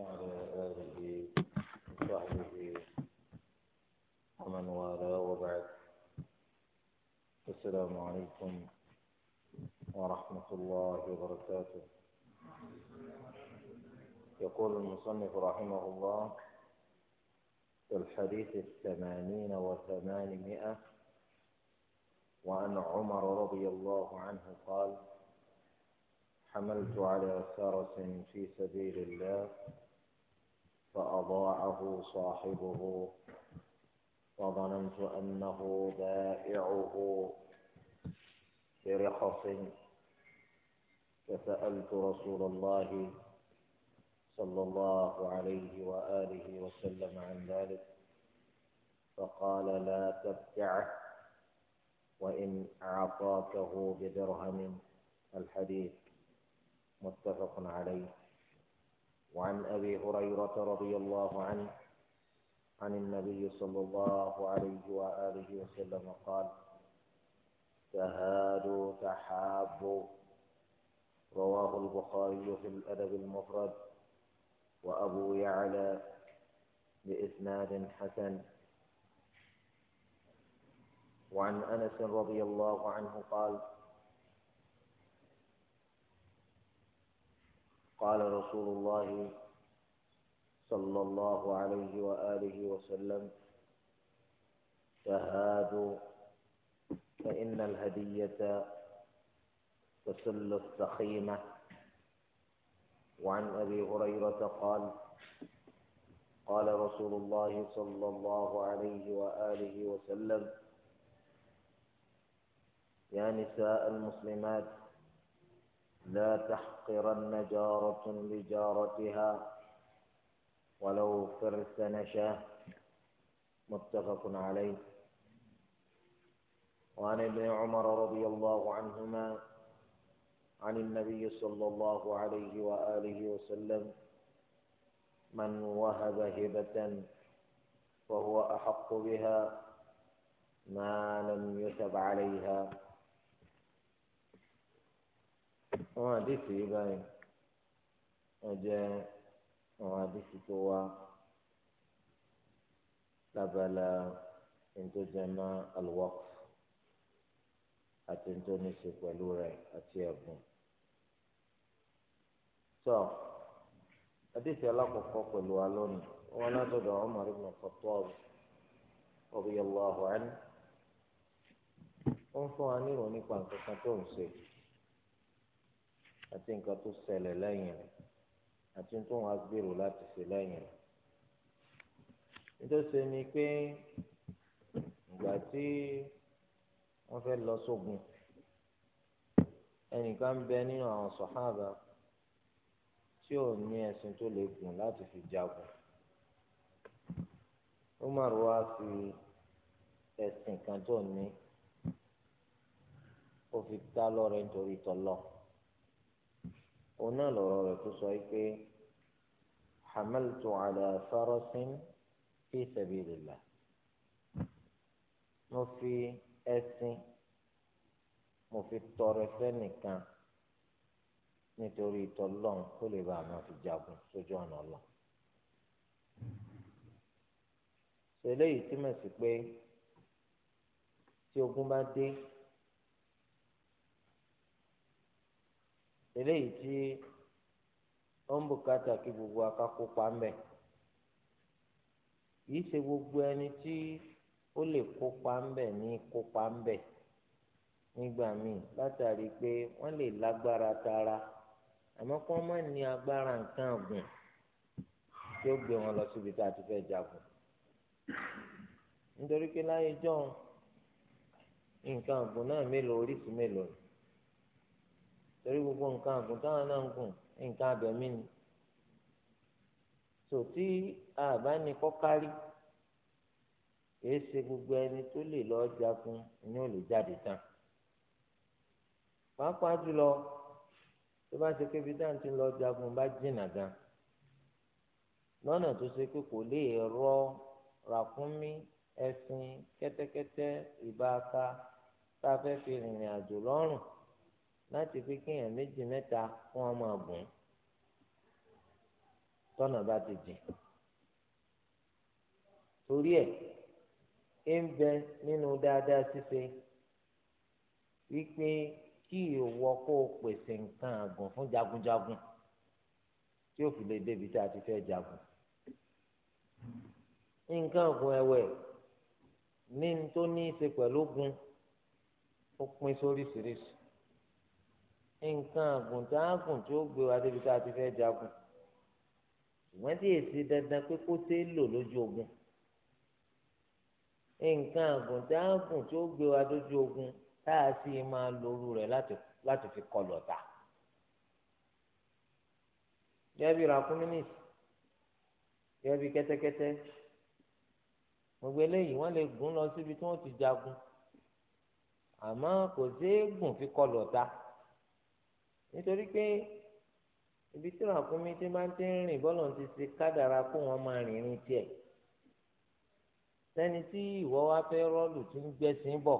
وعلى آله وصحبه ومن والاه وبعد السلام عليكم ورحمة الله وبركاته يقول المصنف رحمه الله في الحديث الثمانين وثمانمائة وعن عمر رضي الله عنه قال حملت على فرس في سبيل الله فأضاعه صاحبه وظننت أنه بائعه برخص فسألت رسول الله صلى الله عليه وآله وسلم عن ذلك فقال لا تبتعه وإن أعطاكه بدرهم الحديث متفق عليه وعن أبي هريرة رضي الله عنه عن النبي صلى الله عليه وآله وسلم قال تهادوا تحابوا رواه البخاري في الأدب المفرد وأبو يعلى بإسناد حسن وعن أنس رضي الله عنه قال قال رسول الله صلى الله عليه وآله وسلم تهادوا فإن الهدية تسل السخيمة وعن أبي هريرة قال قال رسول الله صلى الله عليه وآله وسلم يا نساء المسلمات لا تحقرن جارة لجارتها ولو فرس نشاه متفق عليه وعن ابن عمر رضي الله عنهما عن النبي صلى الله عليه وآله وسلم من وهب هبة فهو أحق بها ما لم يتب عليها àwọn àdìsí yìí báyìí wọ́n jẹ́ àwọn àdìsí tó wá lábala ìtòjẹmọ alwaqf àti ìtòníṣe pẹ̀lú rẹ̀ àti ẹ̀bùn. tó àdìsí alákọ̀ọ́kọ́ pẹ̀lú wa lónìí wọ́n látọ̀dọ̀ Umar ibn Khattab radiyallahu anhu ó ń fún wa ní ìròyìn nípa nǹkan kan tó ń ṣe yìí àti nǹkan tó ṣẹlẹ̀ lẹ́yìn rẹ̀ àti tó wọn gbèrò láti ṣe lẹ́yìn rẹ̀. nítòsí ni pé ìgbà tí wọ́n fẹ́ lọ sógun ẹnìkan bẹ nínú àwọn sọ̀hábà tí ò ní ẹṣin tó lè gùn láti fi jagun. Umar wa fi ẹṣin kan tó ní ó fi dá lọ́rẹ̀ nítorí tọ́lọ́ òun náà lọ̀rọ̀ rẹ̀ tó sọ pé hamaltu ala farasin fi sabilillah mo fi ẹṣin mo fi tọrẹ fẹ́nìkan nítorí ìtọ́lọ́n kó lè bá àwọn fi jagun sójú ọ̀nà ọlọ́n. ṣe eléyìí túmọ̀ sí pé tí ogun bá dé. eléyìí tí ó ń bùkátà kí gbogbo akákópa ń bẹ kìí ṣe gbogbo ẹni tí ó lè kópa ń bẹ ní kópa ń bẹ nígbà míì látàrí pé wọ́n lè lágbára tara àmọ́ kí wọ́n má ní agbára nǹkan ọ̀gùn tí ó gbé wọn lọ síbi tá a ti fẹ́ jagun nítorí pé láyé jọ́un nǹkan ọ̀gùn náà mélòó oríṣìí mélòó ni torí gbogbo nǹkan àgùn táwọn náà ń gùn nǹkan abẹ̀mí ni tò tí àbá ni kọ́kárí kìí ṣe gbogbo ẹni tó lè lọ jagun ni ó lè jáde tán pàápàá jùlọ tó bá ṣe kébi tá à ń ti lọ jagun bá jìnnà gan lọ́nà tó ṣe pé kò lè rọ ràkúnmí ẹṣin kẹ́tẹ́kẹ́tẹ́ ìbaaka tá a fẹ́ fi rìnrìn àjò lọ́rùn láti fi kéèyàn méjì mẹ́ta fún ọmọ ọ̀gùn tọ́nà bá ti jìn torí ẹ̀ ń bẹ nínú dáadáa ṣíṣe wípé kí ìwọ kó o pèsè nǹkan àgùn fún jagunjagun tí ó fi lè débi tá a ti fẹ́ jagun nǹkan ọ̀gùn ẹ̀wẹ̀ ní tó ní í ṣe pẹ̀lú ogun ó pín sóríṣiríṣi nǹkan àgùntàn àgùn tí ó gbé wa débi tá a ti fẹ́ jagun ṣùgbọ́n tí èsì dandan pé kó tẹ́ lò lójú ogun nǹkan àgùntàn àgùn tí ó gbé wa lójú ogun tá a sì máa lóru rẹ̀ láti fi kọlù ọ̀tá. gẹ́bí ràkúnmínìsì gẹ́bí kẹ́tẹ́kẹ́tẹ́ gbogbo eléyìí wọ́n lè gùn lọ síbi tí wọ́n ti jagun àmọ́ kò sí gùn fi kọlù ọ̀tá nítorí pé ibi tí ràkúnmí tí máa ń ti rìn bọ́lọ̀ ti ṣe kádàrá kó wọn máa rìn ní tiẹ̀ sẹ́ni tí ìwọ wá fẹ́ rọ́ọ̀lù tí ń gbẹ́sìn bọ̀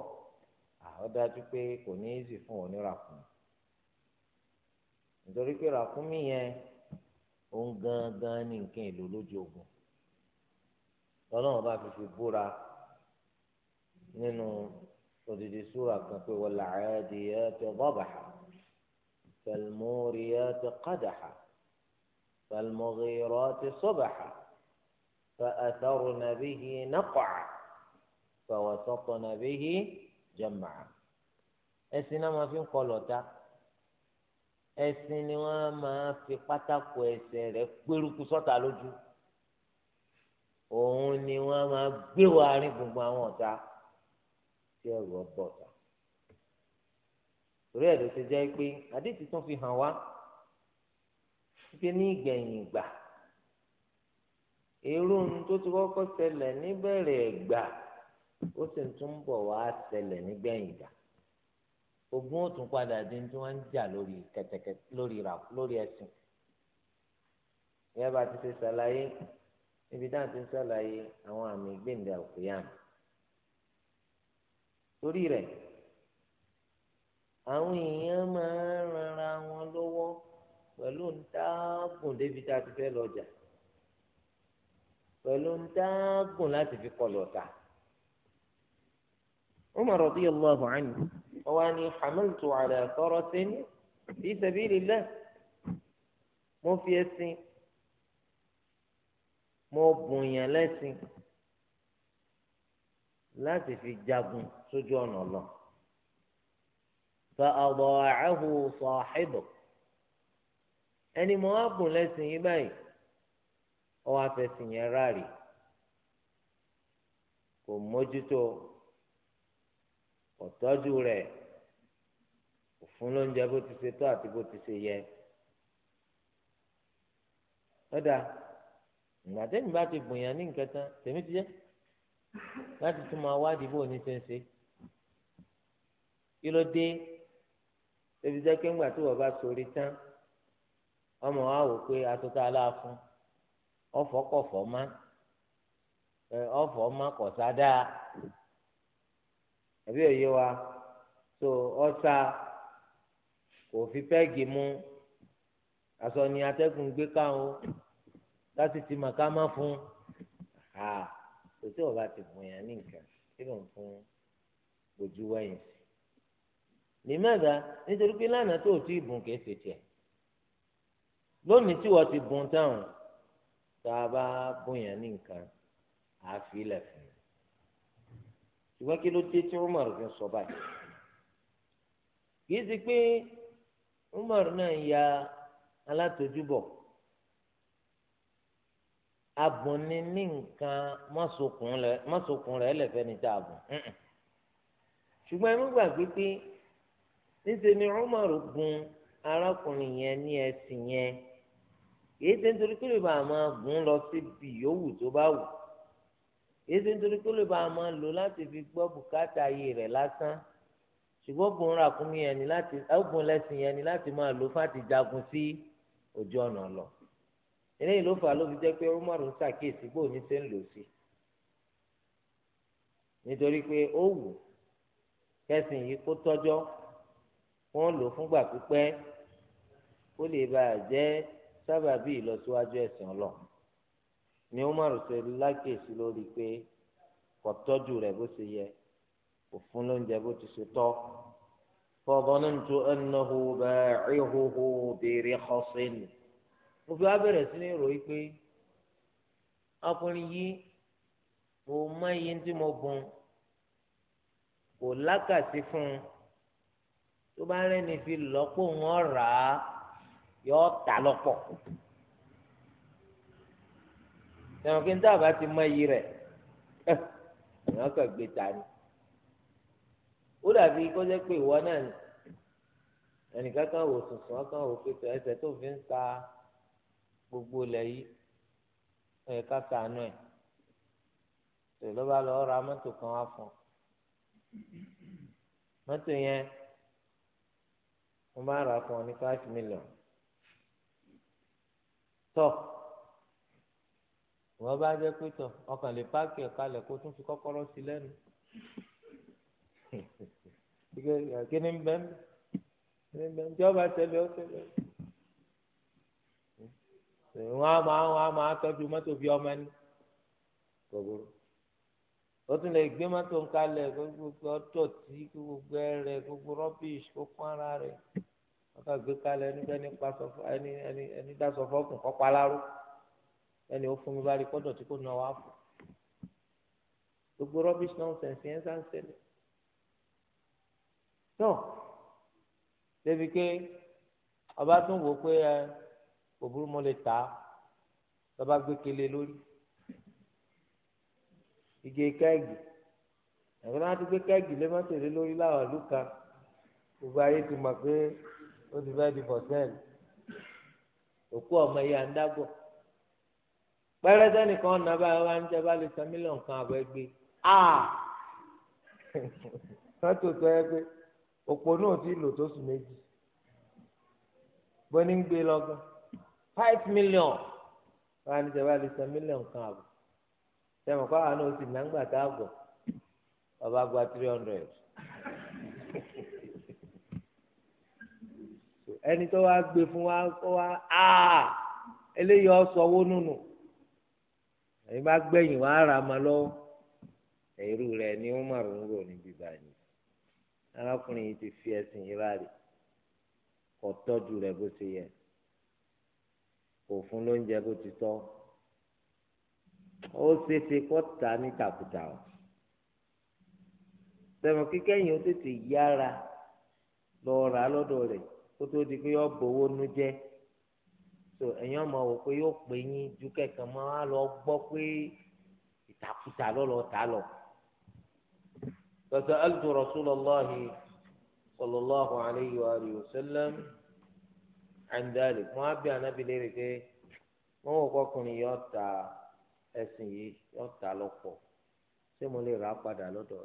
àwọn dájú pé kò ní í sì fún ọ ní ràkúnmí nítorí pé ràkúnmí yẹn òun gangan ní nǹkan èlò lójú ogun lọ́lọ́run bá fi fi búra nínú òdìdí súra kan pé wal 'adiyati dhabha. فالموريات قدحا فالمغيرات صبحا فأثرن به نقعا فوسطن به جمعا ẹ̀sìn náà máa fi ń kọlọ̀ ta ẹ̀sìn ni wọ́n máa fi pátákó ẹsẹ̀ rẹ̀ pérúkú sọ́ta lójú òun ni wọ́n máa gbé wa rí gbogbo àwọn ọ̀tá tí ẹ̀rù ọ̀bọ̀ta torí ẹ̀ ló ti jẹ́ pé àdéhùn tún fi hàn wá pé ní ìgbẹ̀yìn ìgbà irú ohun tó ti kọ́kọ́ ṣẹlẹ̀ níbẹ̀rẹ̀ ìgbà ó sì tún bọ̀ wá ṣẹlẹ̀ nígbẹ̀yìn ìgbà ogun ó tún padà di tí wọ́n ń jà lórí kẹ̀tẹ̀kẹ̀tẹ̀ lórí ra lórí ẹ̀sìn ìyá bá ti ṣe ṣàlàyé níbi dáhùn ti ń ṣàlàyé àwọn àmì gbẹ̀ǹdà òkúyàmù torí rẹ̀ àwọn èèyàn máa ń ranra wọn lọ́wọ́ pẹ̀lú ntáàgùn débi tá a ti fẹ́ lọ́jà pẹ̀lú ntáàgùn láti fi kọlù ọ̀tá. Umar radiyallahu anhu wa ni hamaltu ala farasin fi sabilillah mo fi ẹṣin mo bùn yàn lẹ́ṣin láti fi jagun sójú ọ̀nà Ọlọ́run. فأضاعه صاحبه ẹni mọ ààbùn lẹ́sìn yìí báyìí ọwọ afẹsìn yẹn ráàlì kò mójútó kò tọ́jú rẹ̀ kò fún lóúnjẹ bó ti ṣe tó àti bó ti ṣe yẹ lọ́dà ìgbà tẹ́mi bá ti gbìyàn ní nǹkan tán tèmi ti jẹ́ láti tún máa wádìí bó ní ṣe ń ṣe kí ló dé ebi jẹ́ pé ńgbà tí wọ́n bá sori tán ọmọ wa wò pé atuta aláàfún ọ̀fọ̀ kọ̀fọ̀ má ọ̀fọ̀ má kọ̀sá dáa àbí òye wa tó ọ̀sà kò fi pẹ́ẹ́gì mú aṣọ ni atẹ́gùn gbé káwọn láti ti mà má fún ha kò tí wọ́n bá ti fún yẹn ní nǹkan kí ló ń fún ojú wẹ̀yìn sí lèmẹ́ta nítorí pé lánàá tó ti bùn kìí ṣe tiẹ̀ lónìí tí wọ́n ti bùn táwọn tá a bá bóyá ní nǹkan àfilẹ̀ fún un ṣùgbọ́n kí ló dé tí Umar fi sọ báyìí kìí ṣe pé Umar náà ya alátojúbọ̀ abùnni ní nǹkan mọ́sokùn rẹ̀ lẹ́fẹ̀ẹ́ ní tá a bùn ṣùgbọ́n ẹ mú gbàgbé pé níṣẹ́ ni Umar gun arákùnrin yẹn ní ẹsìn yẹn kìí ṣe nítorí pé lè bá a máa gùn lọ síbi yòówù tó bá wù kìí ṣe nítorí pé lè bá a máa lò láti fi gbọ́ bùkátà ayé rẹ̀ lásán ṣùgbọ́n ogun ràkúnmí yẹn ni láti ogun lẹ́sìn yẹn ni láti máa lò fáti jagun sí ojú ọ̀nà lọ eléyìí ló fà ló fi jẹ́ pé Umar ń ṣàkíyèsí bó ní ṣe ń lò sí nítorí pé ó wù kẹsìn yìí kó tọ́jọ́ wọ́n lò fúngbà pípẹ́ ó lè bá a jẹ́ sábàbí ìlọsíwájú ẹ̀sìn ọlọ́run ni Umar ṣe lákèsí lórí pé kò tọ́jú rẹ̀ bó ṣe yẹ kò fún lóúnjẹ bó ti ṣe tọ́ fọdọ́nìtò ẹnìhó bẹ́ẹ̀ ìhóhó béèrè xọ́sẹ́nì mo fi wá bẹ̀rẹ̀ sí ní ròyìn pé ọkùnrin yìí mo mọ iye tí mo bùn kò lákàtí fún un tó bá rẹ́ni fi lọ́pọ̀ wọn rà á yọ tà lọ́pọ̀ tẹ̀wọ̀n kí n dábàá ti mọ iyì rẹ̀ ẹ̀ ẹ̀ gbé ta ni ó dàbí kó jẹ́ pé ìwọ náà ẹnìkan kan wò sùnsùn ọkàn wò pé ẹsẹ̀ tó fi ń ta gbogbo ilẹ̀ yìí ẹ̀ ká sànú ẹ̀ tòló bá lọ ra mọ́tò kan wá fún un mọ́tò yẹn wọ́n bá rà fún ọ ní five million tọ́ wọ́n bá jẹ́ pé tọ̀ ọkàn lè páàkì ẹ̀ka lẹ̀ kó tún fi kọ́kọ́rọ́ sí lẹ́nu kí ni bẹ́ẹ̀ kí ni bẹ́ẹ̀ ìjọba tẹ̀lé ọ tẹ̀lé ọ wọn a máa wọn a máa tọ́jú mọ́tò bí ọmọ ẹni gbogbo ó tún lè gbé mọ́tò ń kalẹ̀ gbogbo ọtọ̀ tí gbogbo ẹrẹ̀ gbogbo rọ́bìṣ kó kún ara rẹ̀ wọ́n kà gbé kalẹ̀ nígbà nípa ẹni dasọ fọ́ọ̀kùn kọ́ paláró ẹni ó fún mi bá rí kọ́dọ̀ tí kò ná wa fún gbogbo rọ́bìṣ nọ́ọ̀sẹ̀nsì yẹn sá ń ṣẹlẹ̀ tó débi pé ọba tún wò pé ẹ òbúrú mo lè tà á lọ́ba gbé kele lórí igi kẹ́ẹ̀gì ẹ̀fọ́ náà ti gbé kẹ́ẹ̀gì lé mọ́tòlé lórí láwọn ìlú kan gbogbo ayé ti mọ̀ pé ó ti fẹ́ di fọ̀sẹ́ẹ̀lì òkú ọmọ yìí à ń dágbọ̀ pẹ́rẹ́sẹ́ nìkan ọ̀nà bá wa ń jẹ́ bá lè san mílíọ̀nù kan àbọ̀ ẹgbẹ́ a ah! mọ́tò tó yẹ pé òpó náà ti lò tó sùn méjì bọ́ni ń gbé lọ́gán five million wa ń jẹ́ bá lè san mílíọ̀nù kan àbọ̀ sẹ́mi kọ́ àwọn náà sì ná ńgbà tá a gọ̀ ọba gba three hundred ẹni tó wá gbé fún wa kó wá aa eléyìí ọ̀sọ̀wó nùnù èyí bá gbẹ̀yìn wá ara ma lọ́wọ́ ẹ̀rú rẹ̀ ni wọ́n máa rò ń rò níbi báyìí arákùnrin yìí ti fi ẹ̀sìn yìí ráàlì kò tọ́jú rẹ̀ bó ṣe yẹ kò fún lóúnjẹ bó ti tọ́. ó ṣeéṣe kó tà ní tàkùtà o sẹ́wọ̀n kíkẹ́yìn ó tètè yára lọ rà di pé yọ bowó nu so ẹ̀yin ọmọ wò pé yóò pè yín ju kẹ̀kẹ́ mọ́ á lọ gbọ́ pé ìtàkùtà lọ́lọ́ tà lọ. فسألت رسول الله صلى الله ẹ̀sìn yìí yọ ta lọ pọ, ṣé mo lè raa padà lọ́dọ̀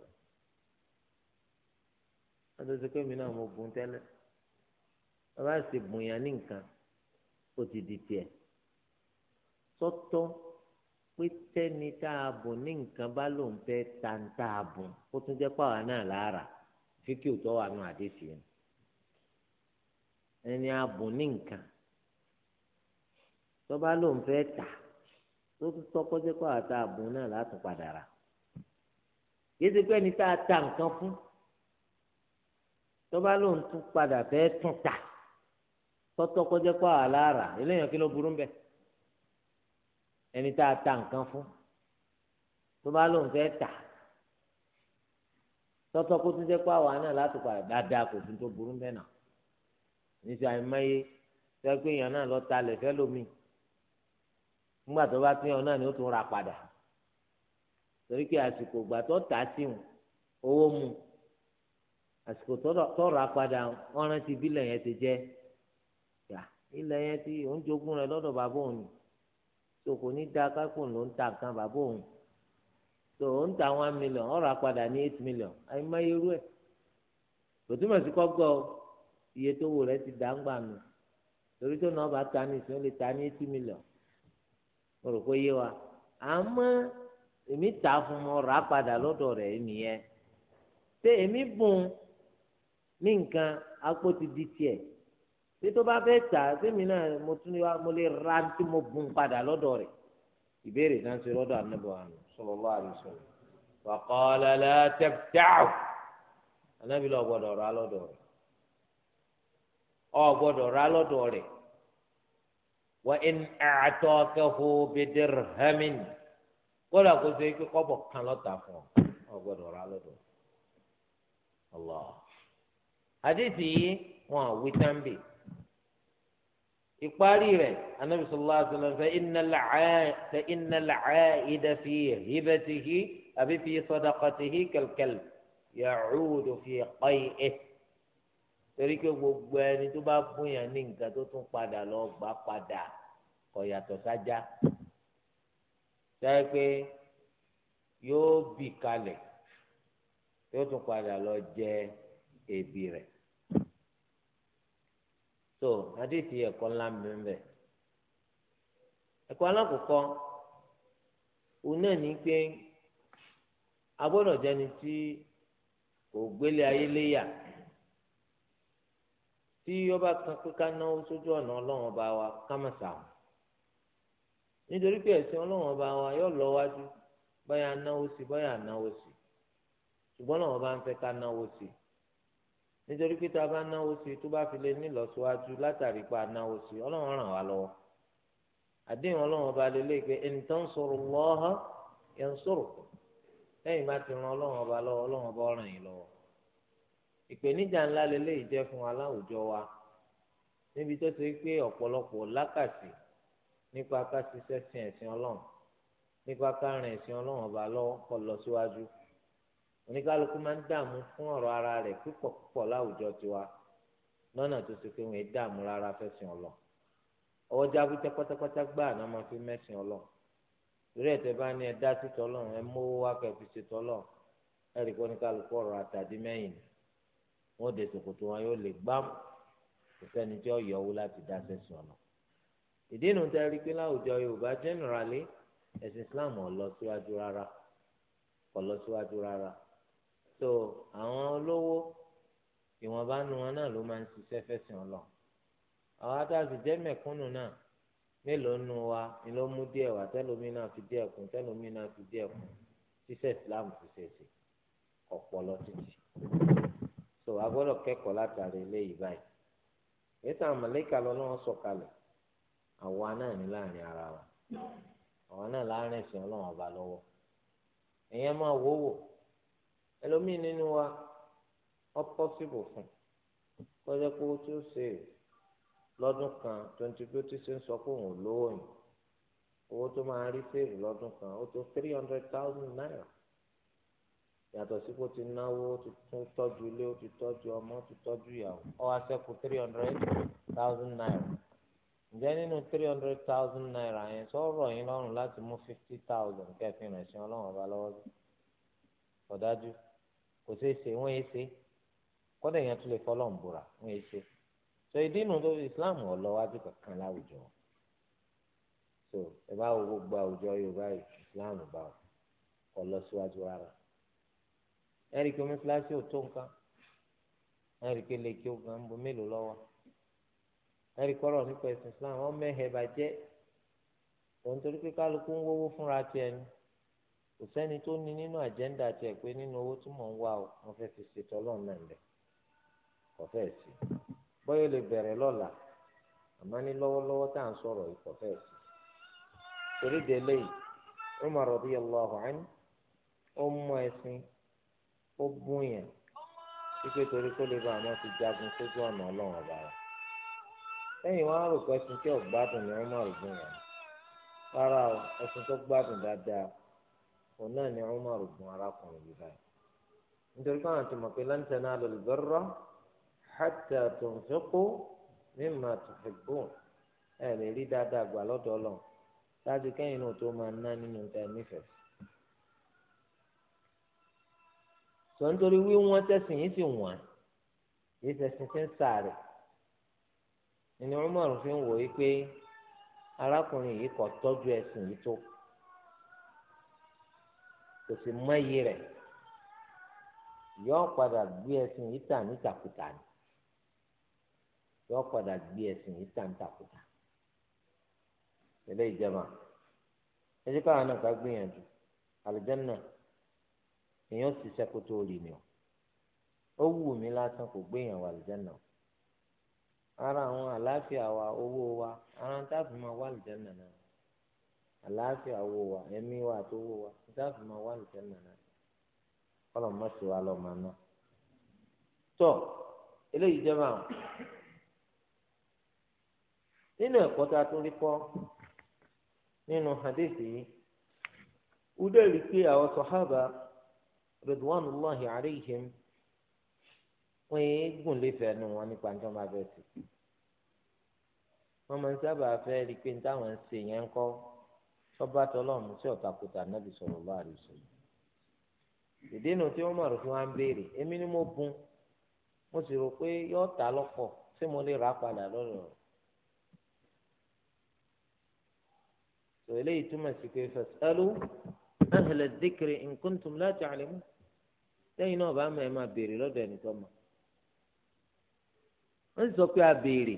rẹ̀ wọ́n ti pé mi náà mo bùn tẹ́lẹ̀ wọ́n bá sì bùn yàn ní nǹkan ó ti di tiẹ̀ sọ́tọ́ pé tẹ́ni tá a bùn ní nǹkan bá lòun ta ń tá a bùn ó tún pàwọn náà lára òótọ́ wà nù tó tún tọ́kọ́ jẹ́ kó àtà àbùn náà látún padà rà yìí ti pẹ́ ni tá a ta nǹkan fún tó bá lóun tún padà fẹ́ tún ta tọ́tọ́ kó jẹ́ kó àlàrà eléyàn kí ló burú bẹ́ẹ̀ ẹni tá a ta nǹkan fún tó bá lóun fẹ́ tà tọ́tọ́ kó tún jẹ́ kó àwa náà látún padà dáadáa kò tún tó burú bẹ́ẹ̀ náà níṣẹ́ àìmọye sọ èèyàn náà lọ ta lẹ̀ fẹ́ lómi nígbà tó bá pín ọ náà ni ó tún ra padà torí pé àsìkò ìgbà tó tà á sí wọn owó mu àsìkò tó ra padà ọ̀ràn ti bílẹ̀ yẹn ti jẹ́ yà ilẹ̀ yẹn ti òun jogún rẹ̀ lọ́dọ̀ bàbá òun tó kò ní da kákùn ló ń ta nǹkan bàbá òun tó ń ta one million ọ̀rà padà ní eight million àìmọye irú ẹ̀ tòtúmọ̀ sí kọ́gọ́ iye tó wò rẹ̀ ti dá ń gbà mí torí tó náà bá ta ní ìsìn ó lè ta ní eighty million mo rò pé yé wa àmọ́ èmi tà fún mo rà padà lọ́dọ̀ rẹ̀ nìyẹn ṣé èmi bùn ní nǹkan apó ti di tiẹ̀ ṣé tó bá fẹ́ tà sẹ́mi náà mo tún ní wa mo lè ra tí mo bùn padà lọ́dọ̀ rẹ̀ ìbéèrè náà ṣe lọ́dọ̀ ànábọ̀ àná sallallahu alaihi wasallam wa qala la tabta'u ànábì lọ ra lọ́dọ̀ rẹ̀ ọ ra lọ́dọ̀ rẹ̀ وإن أعطاكه بدرهم kódà kó ṣe kí kọ́bọ̀ kan lọ́ta fún ọ gbọ́dọ̀ rà lọ́dọ̀ Allah àdìsí yìí wọn àwí tánbì ìparí rẹ̀ anabi sallallahu alaihi wasallam fa inna al-'aida fi hibatihi àbí fi sadaqatihi kal-kalb ya'udu fi qay'ihi torí pé gbogbo ẹni tó bá fún yàn ní nǹkan tó tún padà lọ gbà padà ọ̀yàtọ̀ sájà sẹ́yìn pé yóò bì kalẹ̀ yóò tún padà lọ jẹ ebi rẹ̀ so adéti ẹ̀kọ́ ńlá mbẹ́mbẹ́ ẹ̀kọ́ alákòókò òun náà ní pé agbọ́dọ̀ jẹni tí kò gbélé ayé léyà tí ó bá kan pé sójú ọ̀nà ọlọ́run ọba wa ká má nítorí pé ẹ̀sìn ọlọ́run ọba wa yóò lọ wájú báyà náwó sí báyà náwó sí ṣùgbọ́n ọlọ́run ọba ń fẹ́ ká náwó sí nítorí pé tá a bá náwó sí tó bá fi lè nílọsíwájú látàrí pa náwó sí ọlọ́run ràn wá lọ́wọ́ àdéhùn ọlọ́run ọba lélẹ́yìí pé in tansurullaha yansurkum lẹ́yìn bá ti ran ọlọ́run ọba lọ́wọ́ ọlọ́run ọba ràn yín lọ́wọ́ ìpèníjà ńlá lélẹ́yìí jẹ́ fún wa wa níbi tó ṣe pé ọ̀pọ̀lọpọ̀ lákàtì nípa ká ṣiṣẹ́ sin ẹ̀sìn ọlọ́run nípa ká rìn ẹ̀sìn ọlọ́run ọba lọ́wọ́ kọ́ lọ síwájú oníkálukú máa ń dààmú fún ọ̀rọ̀ ara rẹ̀ púpọ̀ púpọ̀ láwùjọ tiwa lọ́nà tó ṣe pé wọ́n dààmú rárá fẹ́sìn ọlọ́ ọwọ́ jábútẹ́ pátápátá gbáà náà máa fi mẹ́sìn ọlọ́ torí ẹ̀tẹ́ bá ní ẹ dá títọ́ ọlọ́run ẹ mówó wá kẹ́ fi ṣètò ọlọ́run ẹ rí i pé oníkálukú ọ̀rọ̀ àtàdé mẹ́yìn ni wọ́n de ṣòkòtò wọn yóò lè gbámù kò sẹ́ni tí ó yọ owó láti dá fẹ́sìn ọlọ́run ìdí inú tẹ rí pé láwùjọ yorùbá generally ẹ̀sìn islam ò lọ síwájú rárá kò rárá so àwọn olówó ìwọ̀nba nu wọn náà ló máa ń ṣiṣẹ́ fẹ̀sìn ọlọ́run àwọn atáàsì jẹ́ mẹ̀kúnnù náà mélòó nu wa ni ló mú díẹ̀ wá tẹ́lómi náà fi díẹ̀ kún tẹ́lómi náà fi díẹ̀ kún ṣiṣẹ́ islam ti ṣèṣe ọpọlọ títì so a gbọ́dọ̀ kẹ́kọ̀ọ́ látàrí eléyìí báyìí ètò àmàlẹ́kà lọ́nà sọ̀kalẹ̀ àwa náà ní láàrin ara wa àwa náà láàrin ìsìn ọlọ́run ọba lọ́wọ́ ẹ̀yẹn máa wò wò ẹlòmíín nínú wa ọ pọ́sibù fún kọjá pé ó tún ṣe lọ́dún kan twenty two tí ṣe ń sọ pé òun lówó yìí owó tó máa rí sèèvù lọ́dún kan ó tó three hundred thousand naira yàtọ̀ sí kó ti náwó ó ti tún tọ́jú ilé ó ti tọ́jú ọmọ ó ti tọ́jú ìyàwó ó wá ṣẹ́kù three hundred thousand naira ǹjẹ́ nínú three hundred thousand naira yẹn sọ̀rọ̀ yín lọ́rùn láti mú fifty thousand kẹ́ẹ̀fín rẹ̀ sí ọlọ́run ọba lọ́wọ́ bí ọ̀dájú kò ṣeé ṣe wọ́n yé ṣe kọ́dà yẹn tún lè fọlọ́ ǹbùrà wọ́n yé ṣe sọ ìdí inú tó Islam ọlọ́wájú kankan láwùjọ so ẹ bá wo gbogbo àwùjọ Yorùbá Islam bá wọ kọ lọ síwájú rárá ẹ rí i pé mọ́sálásí ò tó nǹkan ẹ rí i pé lè kí ó gan bo mélòó lọ́wọ́. ẹ̀rí kọ́rọ̀ nípa ẹ̀sìn Islam wọ́n mẹ́hẹ̀ bàjẹ́ òun torí pé kálukú ń wówó fúnra ni kò agenda tó ní nínú àjẹ́ńdà tiẹ̀ pé nínú owó tí mò ń wá o wọ́n fi ṣètò ọlọ́run náà lẹ̀ kò fẹ́ sí bọ́yọ̀ lè bẹ̀rẹ̀ lọ́la àmọ́ ní lọ́wọ́lọ́wọ́ tá à ń sọ̀rọ̀ yìí kò fẹ́ sí torí délé yìí Umar radiyallahu anhu ó mú ó bún yẹn lẹ́yìn wọn á rò pé ẹsùn tí ọ̀gbádùn ni wọ́n máa rò gùn yàn rárá o ẹsùn tó gbádùn dáadáa òun náà ni wọ́n máa rò gùn arákùnrin yìí báyìí nítorí pé àwọn tó mọ̀ pé lan tanalul birra hatta tunfiqu mimma tuhibbun ẹ̀ lè rí dáadáa gbà lọ́dọ̀ Ọlọ́run ṣáájú kẹ́yìn náà tó máa ná nínú ìta nífẹ̀ẹ́ sọ nítorí wíwọ́n tẹ̀sìn yìí sì wọ́n yìí tẹ̀sìn ti ń sàárẹ̀ ẹni Umar fi ń wò yí pé arákùnrin yìí esi tọ́jú ẹ̀sìn yìí tó kò sì mọ yọ padà gbé ẹ̀sìn yìí tà ni yọ padà gbé ẹ̀sìn yìí tà nítakùtà ẹlẹ́yìí jẹ́ máa ẹ káwọn náà ká gbìyànjú àlùjànnà èèyàn sì ṣẹ́kù tó rí ni ó wù mí lásán ara àwọn àlàáfíà wa owó wa ara táàbù máa wà lùjẹ́ nàná àlàáfíà owó wa ẹ̀mí wa àti owó wa táàbù máa wà lùjẹ́ nàná kọ́lọ̀ wa lọ́ọ́ máa ná. tọ́ eléyìí jẹ́ báwọn nínú ẹ̀kọ́ tá a tún rí kọ́ nínú hadith yìí wúdẹ́ẹ̀lì pé àwọn sọ̀hábà wọn yéé gùn léfẹ̀ẹ́ nu wọn nípa ní wọn bá fẹ́ sí wọn máa ń sábà fẹ́ rí i pé táwọn ń ṣe yẹn ń kọ́ sọ́ba tọlọ́mù sí ọ̀tàkùtà nábì sọ̀rọ̀ bá rí sọ ìdínà tí wọn mọ̀ rò wa ń béèrè èmi ni mo bun mo sì rò pé yóò ta lọ́pọ̀ ṣé mo lè rà padà lọ́rọ̀ rẹ̀ eléyìí túmọ̀ sí pé fasalu ahla dhikri in kuntum la ta'lamun lẹ́yìn náà bá mọ̀ máa béèrè lọ́dọ̀ ẹnì tó mọ̀ ó sì sọ pé a béèrè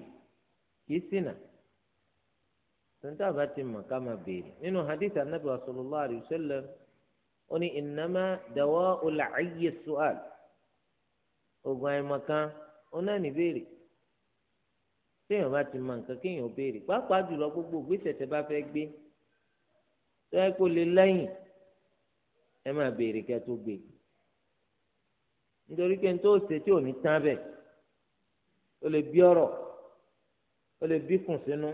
kìí ṣìnà tẹ̀síntà bá ti mọ̀ ká máa béèrè nínú hadith anabi sallallahu alayhi wa sallam ó ní innama dawa'ul 'ayyi as-su'al oògùn ó náà ní béèrè téèyàn bá ti mọ nǹkan kéèyàn ó béèrè pàápàá jùlọ gbogbo ìgbésẹ̀ tẹ́ bá fẹ́ gbé tó kó lè ẹ máa béèrè tó gbé nítorí pé n tó ó lè bí ọ̀rọ̀ ó lè bí kùn sínú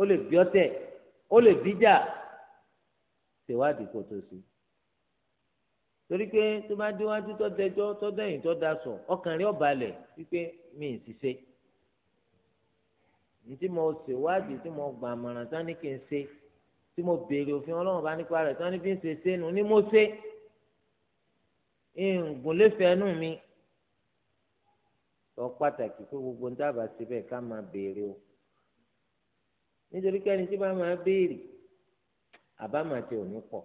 ó lè bí ọ̀tẹ̀ ó lè bíjà ṣèwádìí kò tó sí torí pé tó bá déwájú tó dẹjọ́ tó dẹ̀yìn tó daṣọ ọkàn rí ọ̀balẹ̀ wípé mi ì ṣiṣẹ́ ntí mo ṣèwádìí tí mo gbà àmọ̀ràn tán ní kí n ṣe tí mo béèrè òfin ọlọ́run bá nípa rẹ̀ tán ní bí n ṣe ṣe nù ní mo ṣe ìǹgùn lè fẹ́ nù mi lọ pàtàkì pé gbogbo ń dábàá síbẹ̀ ká máa béèrè o nítorí kẹ́ni tí bá máa béèrè àbámàtẹ ò ní pọ̀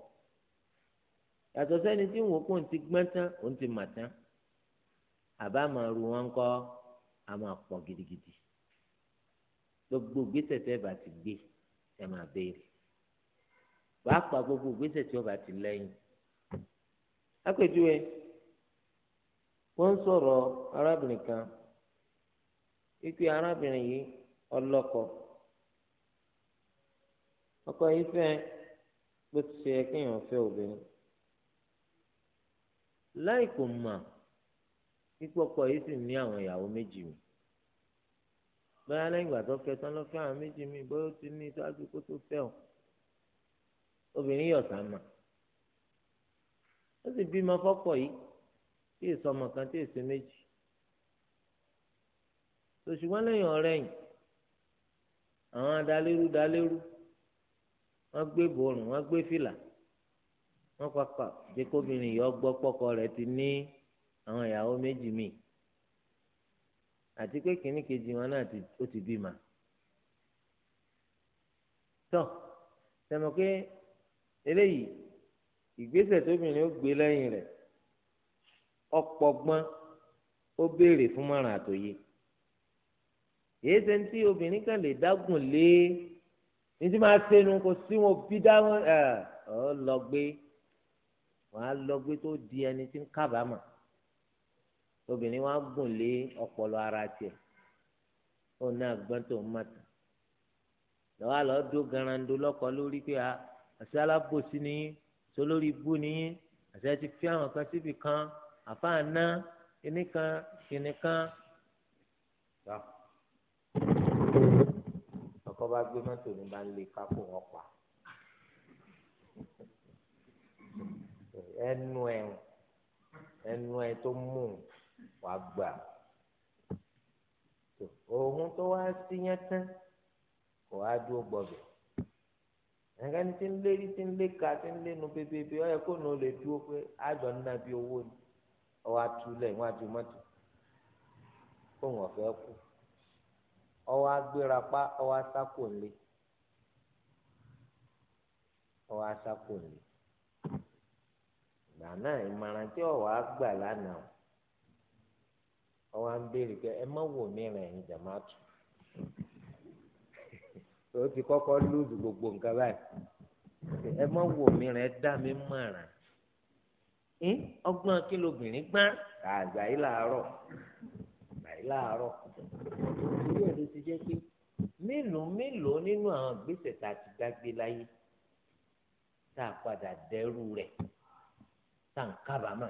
yàtọ̀ sẹ́ni tí wọ́n kó ti gbọ́n tán òun ti mà tán àbámàrú wọn kọ́ a máa pọ̀ gidigidi gbogbo gbèsè tẹ́ bá ti gbé ẹ máa béèrè pàápàá gbogbo gbèsè tí ó bá ti lẹ́yìn àpèjúwe wọ́n ń sọ̀rọ̀ arábìnrin kan wípé arábìnrin yìí ọlọ́kọ ọkọ yìí fẹ́ bó ti ṣe yẹ kéèyàn fẹ́ obìnrin láì kò mà pípọ̀ ọkọ yìí sì ní àwọn ìyàwó méjì mi bóyá lẹ́yìn ìgbà tó fẹ́ tán ló fẹ́ àwọn méjì mi bóyá ó ti ní ìtọ́jú kó tó fẹ́ o obìnrin yọ̀ sá ó sì bímọ fọ́pọ̀ yìí tí èso ọmọ kan tí èso méjì ṣùgbọ́n lẹ́yìn ọ̀rẹ́ yìí àwọn adalérú dalérú wọ́n gbé bòrùn wọ́n gbé fìlà wọ́n pàpà jẹ́ kóbìnrin yìí ọgbọ́ pọ́kọ rẹ̀ ti ní àwọn ìyàwó méjì míì àti pé kìíní kejì wọn náà ó ti bímọ. tọ́ sẹ́mo pé eléyìí ìgbésẹ̀ tóbìnrin ó gbé lẹ́yìn rẹ̀ ọ̀pọ̀ gbọ́n ó béèrè fún márùn-ún èyí ṣe ń tí obìnrin kan lè dágùn lé ní tí máa ṣẹnu kò sí wọn bí dáhùn ẹ ọ lọgbé wọn á lọgbé tó di ẹni tí ń kábàámà obìnrin wọn á gùn lé ọpọlọ ara tiẹ̀ òun náà gbọ́n tó ń mọ̀tàn lọ́wọ́ àlọ́ dó garando lọ́kọ lórí pé àṣẹ alábòsí ni sólórí ibú ni àṣẹ ti fi àwọn kan síbi kan àfáàná kíníkan kíníkan. Yeah bá gbé mọ́tò ní bá ń lé kápò wọn pa ẹnu ẹ ẹnu ẹ tó mú wà gbà òun tó wá sí yẹn tán kò wá dúró gbọbẹ ẹnìkan ní tí ń lérí tí ń lé ka tí ń lénu pépépé ọ kó nù lè dúró pé àjọ ńlá bíi owó ni ọwọ́ atúlẹ̀ wọn àti mọ́tò kó wọn fẹ́ kú. ọwọ agbéra pa ọwọ́ asako ńlẹ̀ ọwọ́ asako ńlẹ̀ ìgbà náà ìmọ̀ràn tí ọwọ́ agbà lánàá ọwọ́ ẹ wò mí ẹ̀yìn ti kọ́kọ́ gbogbo nǹkan báyìí ẹ wò mí ẹ dá mi mọ̀ràn ẹ ọgbọ́n kí gbọ́n àgbà yìí làárọ̀ àgbà ti jẹ́ pé mélòó mélòó nínú àwọn ìgbésẹ̀ tá a ti dágbé láyé tá a padà dẹ́rù rẹ̀ tá a ń kábàámà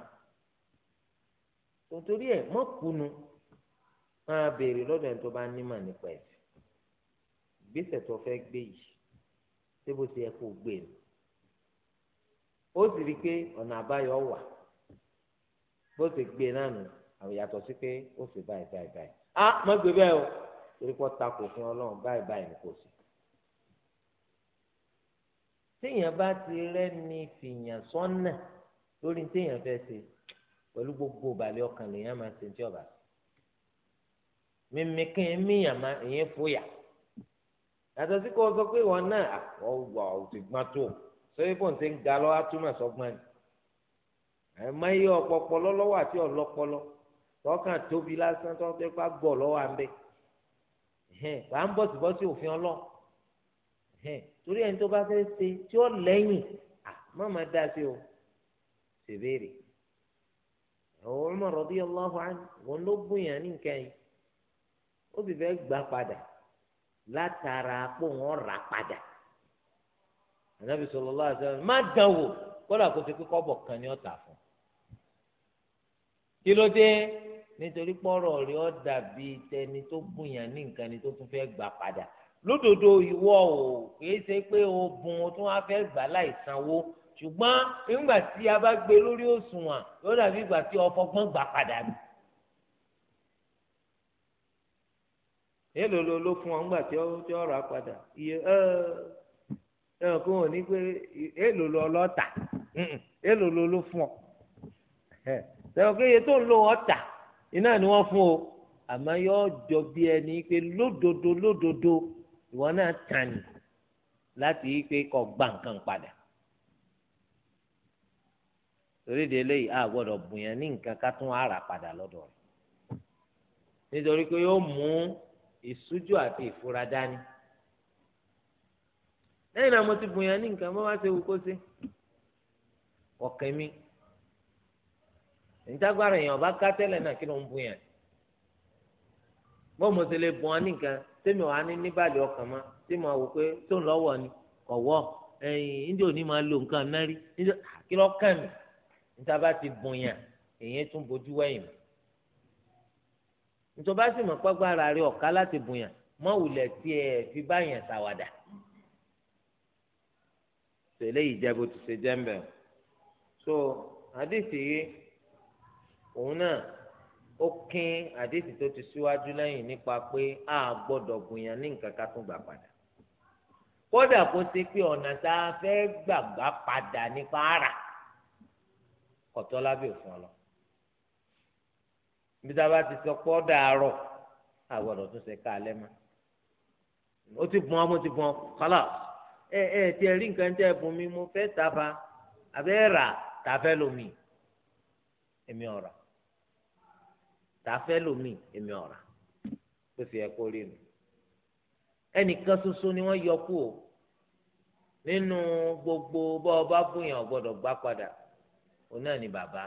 tòtòrí ẹ̀ mọ́kùnú máa béèrè lọ́dọ̀ ẹni tó bá nímọ̀ nípa ẹ̀ ìgbésẹ̀ tó fẹ́ gbé yìí ṣé bó ti yẹ kó gbé ni e? ó sì rí i pé ọ̀nà àbáyọ wà bó ti gbé e náà nù àwọn yàtọ̀ sí pé ó sì báyìí báyìí báyìí á má gbé bẹ́ẹ̀ o torí kọ́ takò fún ọlọ́run báyìí báyìí kò sí. téèyàn bá ti rẹ́ni fìyàn sọ́nà lórí téèyàn fẹ́ ṣe pẹ̀lú gbogbo ìbàlẹ̀ ọkàn lèèyàn máa ṣe tí ọba mímí kí n míyàn máa èyàn fòyà yàtọ̀ sí kó o sọ pé ìwọ náà ọwọ́ ò ti gbọ́n tó sọ́yìn pọ̀ ń ṣe ń ga lọ́wọ́ túmọ̀ sọ́gbọ́n ni àmọ́ iye ọ̀pọ̀pọ̀ lọ́wọ́ àti ọ̀lọ́pọ̀lọ́ tọ́kàn tóbi lásán tó ń fẹ́ pa gbọ́ lọ́wọ́ à ń bẹ́ẹ̀ wàá ń bọ̀sibọ́sí òfin ọlọ́ torí ẹni tó bá fẹ́ ṣe tí ó lẹ́yìn má má dá sí o ṣèbéèrè Umar radiyallahu anhu wọn ló gbìyàn ní nǹkan yìí ó sì fẹ́ gbà padà látara pò wọn rà padà Ànábì sallallahu alaihi wasallam má dán wò kódà kó ti kọ́ bọ̀ kan ní ọ̀tà fún kí ló dé nítorí pọ́rọ̀ rí ọ́ dàbí tẹni tó gbìyàn ní nǹkan ni tó tún fẹ́ gbà padà lódodo ìwọ o kìí ṣe pé o bùn o tún wá fẹ́ gbà láì sanwó ṣùgbọ́n nígbà tí a bá gbé lórí òṣùwọ̀n yóò dàbí ìgbà tí o fọgbọ́n gbà padà ni. èèlò ló ló fún ọ ńgbà tí ó rà padà iye ẹ ẹ kó o ní pé èèlò lọ lọ́ọ̀tà èèlò ló ló fún ọ. ṣèwọ́n pé iye tó ń lò ọ́ tà. iná ni wọ́n fún o àmọ́ yóò jọ bí ẹni pé lódodo lódodo ìwọ náà tàn ní láti yí pé kó gbà nǹkan padà torí de eléyìí a gbọ́dọ̀ bùnyàn ní nǹkan ká ara padà lọdọ. rẹ̀ nítorí pé yóò mú ìṣújú àti ìfura dání lẹ́yìn náà mo ti bùnyàn ní nǹkan bó bá ṣe wù kó ìjágbára èèyàn bá ká tẹ́lẹ̀ náà kí ló ń bu yẹn bó mo ti lè bùn ọ nìkan tèmi wàá ní níbàlẹ̀ ọkàn mọ́ tí mo wò pé tó ń lọ́wọ́ ni kọ̀wọ́ ẹ̀yìn ndí òní máa lo nǹkan náà rí kí ló kàn mí níta bá ti bùn yẹn èyí tún bójú wẹ̀yìn mi nítorí bá sì mọ̀ pẹ́gbára rí ọ̀ká láti bùn yẹn mọ́ wùlẹ̀ tí ẹ fi bá yẹn ṣàwàdà tẹ̀lé ìjẹ́ bó ṣe jẹ́ ń so àdìsí yìí òun náà ó kín àdéhìí tó ti síwájú lẹ́yìn nípa pé a gbọ́dọ̀ gbìyàn ní nǹkan ká tún gbà padà kódà kó ṣe pé ọ̀nà tá a fẹ́ gbàgbà padà nípa ara kọ̀tọ́ lábẹ́ òfin ọlọ bí tá a bá ti sọ pé ọ̀dà àárọ̀ a gbọ́dọ̀ tún ṣe ká alẹ́ mọ́ ó ti bùn ọ́ ti bùn ọ́ kọ́lá ẹ ẹ rí nǹkan tẹ́ ẹ bùn mi mo fẹ́ tàfa àbẹ́ rà tàfẹ́ lomi èmi ọ̀rà tàfẹ́ lomi èmi ọ̀rà tó fi ẹ̀kọ́ rí mi ẹnìkan ṣoṣo ni wọ́n yọ kú o nínú gbogbo bá ọba bóyá ọgbọ́dọ̀ gbá padà òun náà ni bàbá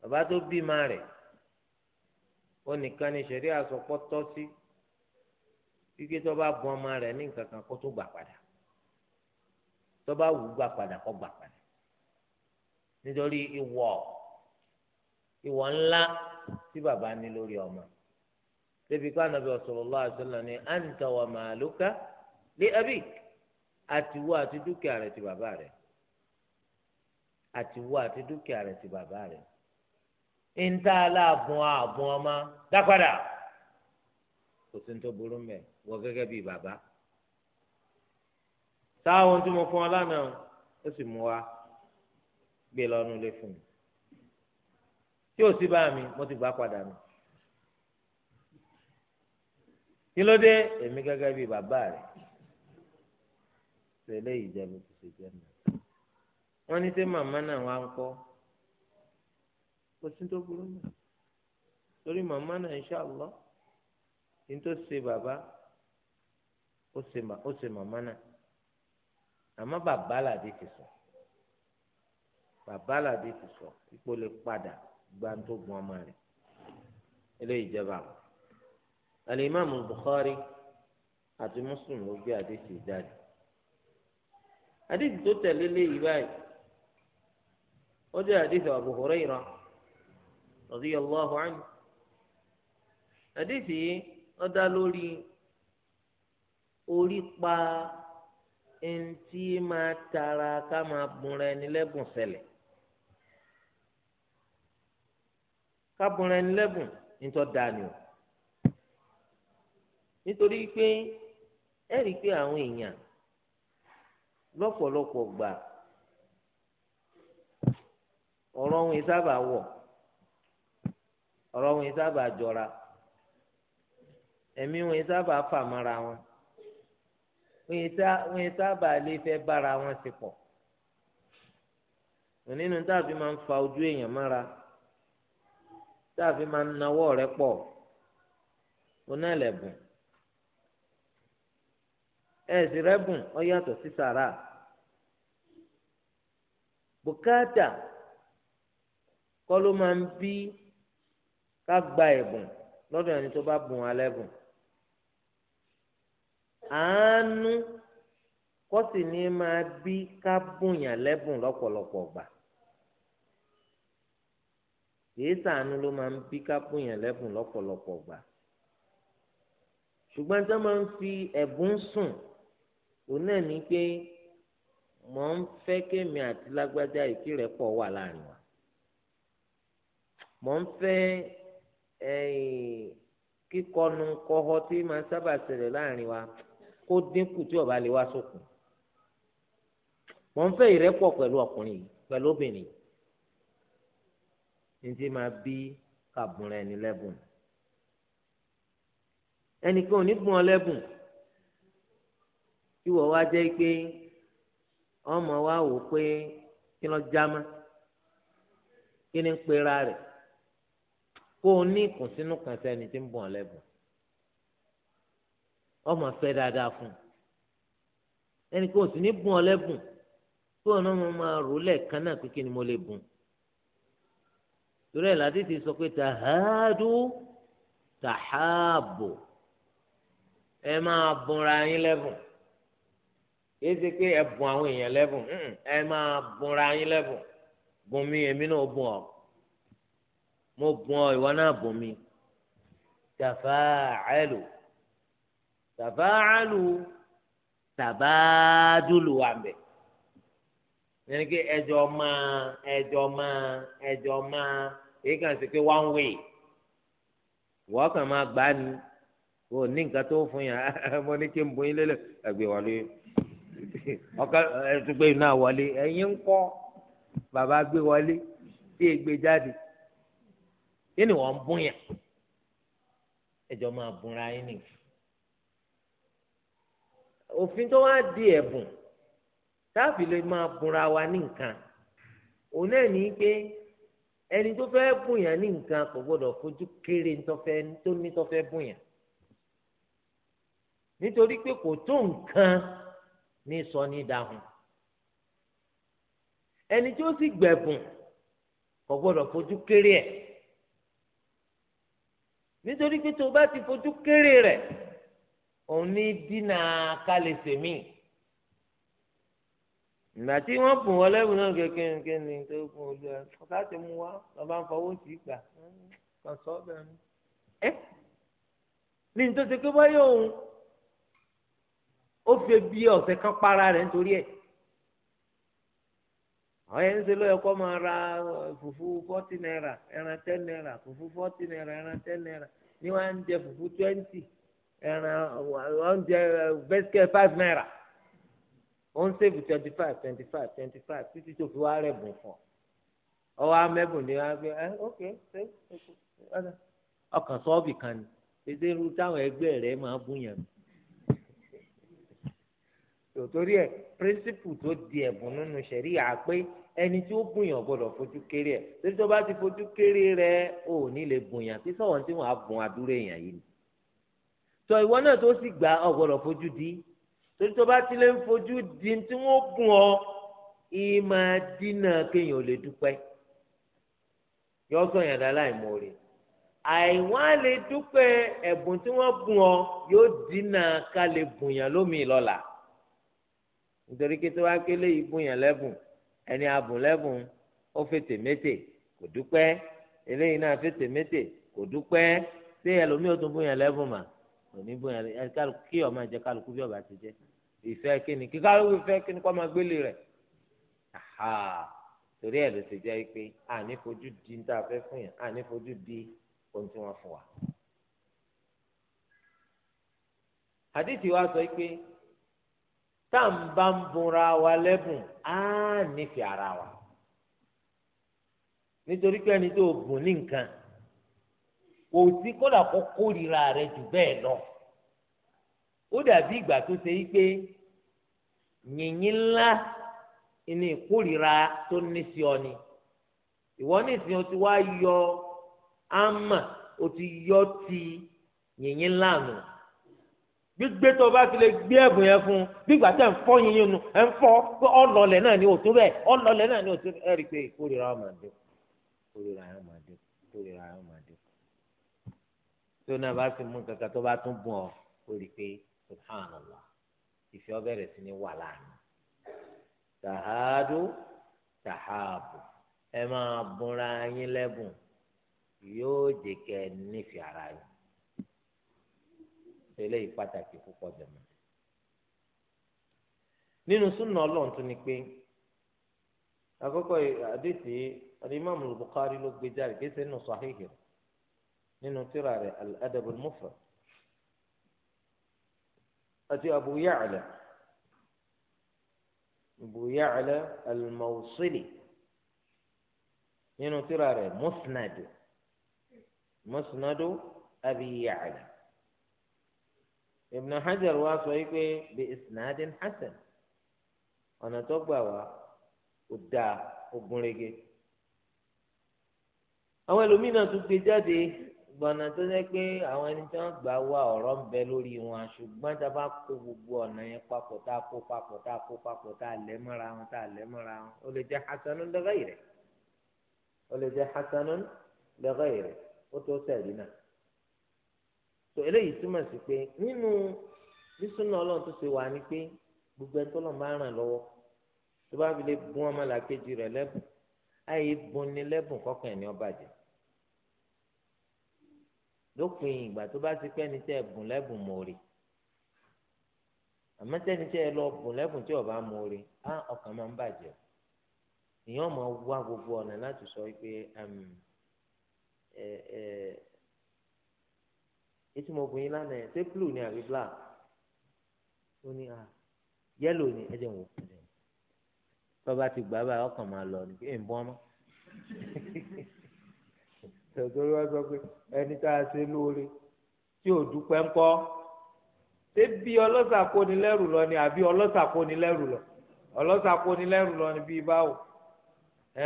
bàbá tó bímọ rẹ̀ ó nìkan ni ṣẹ̀rí àsopọ̀ tọ́ sí kíkí tó bá bọ́ ọmọ rẹ̀ ní nǹkan kan kó tó gbà padà tó bá wù ú gbà padà kó gbà padà nítorí ìwọ. E ìwọ ńlá tí bàbá ní lórí ọmọ débi ká nàbẹ sallallahu alaihi wasallam ní anta wa maluka li abik àtiwọ àti dúkìá rẹ ti bàbá rẹ àtiwọ àti dúkìá rẹ ti bàbá rẹ ńta aláàbùn ààbùn ọmọ dápadà kò sí ní tó burú mẹ wọ gẹ́gẹ́ bíi bàbá táwọn tí mo fún ọ lánàá ó sì mú wa gbé lọ́nu lé fún mi tí ò sí bá mi mo ti gbà padà mi kí ló dé èmi gẹ́gẹ́ bíi bàbá rẹ̀ tẹ́lẹ̀ ìjẹun ti ṣe jẹ́ mi wọ́n ní sẹ́ màmá náà wá ń kọ́ kò tó burú náà torí màmá náà inshallah ní tó ṣe bàbá ó ṣe màmá náà àmọ́ bàbá làdí ti sọ bàbá làdí ti sọ ipò lè padà gba tó gun ọmọ rẹ̀ eléyìí jẹba alimami Bukhari àti Muslim ló gbé àdéhùn jáde àdéhùn tó tẹ̀lé léyìí báyìí ó jẹ́ àdéhùn Abu Hurairah radiyallahu anhu àdéhùn yìí ó dá lórí orí pa ẹni tí máa tara ká máa bunra ẹni lẹ́bùn ṣẹlẹ̀. kábùnrin ẹni lẹ́bùn nítọ́ dání o nítorí pé ẹ rí i pé àwọn èèyàn lọ́pọ̀lọpọ̀ gbà ọ̀rọ̀ wọn sábà wọ̀ ọ̀rọ̀ wọn sábà jọra ẹ̀mí wọn sábà fàmọ́ra wọn wọn sábà lè fẹ́ bára wọn sì pọ̀ nínú táàbí máa ń fa ojú èèyàn mára. tá fi máa ń nawọ́ rẹ pọ̀ onálẹ̀bùn ẹ̀sì rẹ́bùn ó yàtọ̀ sí sàrà bùkátà kọ́ ló máa ń bí ká gba ẹ̀bùn lọ́dọ̀ ẹni tó bá bùn alẹ́bùn àánú kọ́sì ni máa bí ká bùnyàn lẹ́bùn lọ́pọ̀lọpọ̀ gbà. kìí sàánú ló máa ń bí kápú yẹn lẹ́bùn lọ́pọ̀lọpọ̀ gbà ṣùgbọ́n tó máa ń fi ẹ̀bùn sùn òun náà ní pé mọ̀ ń fẹ́ kémi àti lágbájá ìkí rẹ̀ pọ̀ wà láàrin wa mọ̀ ń fẹ́ kíkọnu kọ́họ́ tí máa ń sábà ṣẹlẹ̀ láàrin wa kó dínkù tí ó bá lè wá sókun mọ̀ ń fẹ́ ìrẹ́pọ̀ pẹ̀lú ọkùnrin yìí pẹ̀lú obìnrin yìí ní ma bi bí kàbùn rẹ̀ lẹ́bùn ẹnìkan ò ní wa jẹ́ pé ọmọ wa wò pé kí ló já má kí ni ń pera rẹ̀ kó o ní ìkùnsínú kan sẹ́ni tí ń ọmọ fẹ́ dáadáa fún ẹnìkan ò sì ní bùn ọ lẹ́bùn kó o náà máa rò lẹ́ẹ̀kan mo lè bùn torí ẹ̀ láti ti sọ pé tàhádù tàhábù ẹ máa bùnra yín lẹ́bùn kìí ṣe pé ẹ bùn àwọn èèyàn lẹ́bùn ẹ máa bùnra yín lẹ́bùn bùn mí èmi náà bùn ọ mo bùn ọ ìwọ náà bùn mi tàfáàlù tàfáàlù tàbádùlù wà bẹ́ẹ̀ yẹn kí ẹjọ́ máa ẹjọ́ máa ẹjọ́ máa èyí kàn sí pé one way wọ́n kàn máa gbá ni kò ní nǹkan tó fún yàn mo ní kí n bóyin lélẹ̀ ẹgbẹ́ wọlé ọkọ ẹtùgbẹ́ iná wọlé ẹ̀yin ń kọ́ bàbá gbé wọlé tí ègbé jáde kí ni wọ́n ń bún yàn ẹjọ́ máa bunra yín nìyí òfin tó wá di ẹ̀bùn. E táàbì lè máa bùnra wa ní nǹkan òun náà ní pé ẹni tó fẹ́ bùnyàn ní nǹkan kò gbọdọ̀ fojú kéré tó ní tó fẹ́ bùnyàn nítorí pé kò tó nǹkan ní sọ ní dahùn ẹni tí ó sì gbẹ̀bùn kò gbọdọ̀ fojú kéré ẹ̀ nítorí pé tó bá ti fojú kéré rẹ̀ òun ní dínà kálẹ̀ sèmíì. ìgbà tí wọ́n bùn wọ́n lẹ́bùn náà kékeré nke tó gun olú ẹ ọ̀sá ti mú wa lọ́ba ń sí ni. ẹ ní ní tó ṣe pé báyọ̀ òun ó fi bí ọ̀sẹ̀ kan para rẹ̀ ra fùfú náírà ẹran tẹ́n náírà fùfú náírà ẹran tẹ́n náírà ní wọ́n á ń ó ń sèbù twenty five twenty five twenty five títí tó fi wá rẹ̀ bùn fún ọ wá mẹ́bùn ní wá gbé ẹ ok ṣe ọkàn sọ́ọ̀bì kan ni pèsè irú táwọn ẹgbẹ́ rẹ̀ máa búyàn mi torí ẹ píríncípù tó di ẹ̀bùn nínú ṣẹ̀rí à pé ẹni tí ó bùyàn gbọ́dọ̀ fojú kéré ẹ̀ torí tó bá ti fojú kéré rẹ̀ ò ní lè bùyàn tí sọ̀wọ́n tí wọ́n á bùn àdúrà èèyàn yìí ni tọ ìwọ náà tó sì gbà ọ gbọ́dọ̀ fojú di torí tó bá tilẹ̀ ń fojú di tí wọ́n bùn ọ ìmọ̀ dínà kéèyàn ò lè dúpẹ́ yọ sọ yàn dáa láì mọ̀ọ́rẹ́ àìwọ́n á lè dúpẹ́ ẹ̀bùn tí wọ́n bùn ọ yóò dínà ká lè bùn yàn lómi lọ́la nítorí kí tó bá kélé yìí bùn yàn lẹ́bùn ẹni abùn lẹ́bùn ó fètè mété kò dúpẹ́ eléyìí náà fètè mété kò dúpẹ́ ṣé ẹlòmíì ó tún bùn yàn lẹ́bùn mà òní bùn yàn lẹ́bùn kí ó máa kálukú bí ọba ti jẹ ìfẹ́ kíni kíkà ló fẹ́ kíni kọ́ máa gbélé rẹ̀ aha torí ẹ̀ ló ṣe jẹ́ pé àní fojú di ní tá a fẹ́ fún yẹn àní fojú di ohun tí wọ́n fún wa. àdìsí wa sọ pé tá à ń bá ń bunra wa lẹ́bùn á nífẹ̀ẹ́ ara wa nítorí pé ẹni tó bùn ní nǹkan kò sí kódà kó kórìíra rẹ̀ jù bẹ́ẹ̀ lọ. No ó dàbí ìgbà tó ṣe yí pé yìnyín ńlá ní ìkórìíra tó ní sí ọ ni ìwọ ní ìsìn o ti wá yọ ámà o ti yọ ti yìnyín ńlá nù gbígbé tó o bá ti lè gbé ẹ̀bùn yẹn fún un bí ìgbà tẹ̀ ń fọ́ yìnyín nu ẹ̀ ń fọ́ pé ọlọ́lẹ̀ náà ni òtún bẹ́ẹ̀ ọlọ́lẹ̀ náà ni òtún ẹ̀ rí i pé ìkórìíra ọmọ àdé ìkórìíra ọmọ àdé ìkórìíra ọmọ àdé tó náà bá ti mú kankan tó bá tún bùn ọ ó pé subhanallah ìfẹ́ ọbẹ̀rẹ̀ sí ni wà láàánú tàhádù tàhábù ẹ máa bùnra yín lẹ́bùn yóò jẹ́ kẹ́ ara yín tẹ́lẹ̀ yìí pàtàkì púpọ̀ nínú súnà tún ni pé àdìsí ló gbé jáde kí nínú àti Abu Ya'la Abu Ya'la al-Mawsili nínú tírà rẹ̀ Musnadu Musnadu Abi Ya'la Ibn Hajar wa sọ yìí pé bi isnadin hasan ọ̀nà tó gbà wá ó dáa ó gúnrégé àwọn ẹlòmíràn tún gbé jáde gbọ̀nà tó jẹ́ pé àwọn ẹni tí wọ́n gbà wá ọ̀rọ̀ ń bẹ lórí wọn ṣùgbọ́n tá a bá kó gbogbo ọ̀nà yẹn papọ̀ tá a kó papọ̀ tá a kó papọ̀ tá a lẹ̀ mọ́ra wọn tá a lẹ̀ mọ́ra wọn ó lè jẹ́ hasanun li ghayri ó lè jẹ́ hasanun li ghayri ó tó sẹ̀rí náà. tó eléyìí túmọ̀ sí pé nínú bísúnà ọlọ́run tó ṣe wà ní pé gbogbo ẹni tó lọ́n lópin ìgbà tó bá ti pẹ́ ní tẹ́ bùn lẹ́bùn mọ̀ọ́rì àmọ́ tẹ́ni tẹ́ ẹ lọ bùn lẹ́bùn tí ọba mọ̀ọ́rì á ọkàn máa ń bàjẹ́ èèyàn máa wá gbogbo ọ̀nà láti sọ pé etí mo bùn yín lánàá yẹn ṣé blue ni àbí black ó ní yẹ́lò ni ẹ jẹ́ wò tọ́ba ti gbà báyìí ọkàn máa lọ ní pé èèyàn bọ́ ọmọ. tẹ̀síwájú wá sọ pé ẹni tá a ṣe lóore tí ò dúpẹ́ ńkọ́ ṣé bí ọlọ́sàkónilẹ́rù lọ ni àbí ọlọ́sàkónilẹ́rù lọ ọlọ́sàkónilẹ́rù lọ ni bíi báwo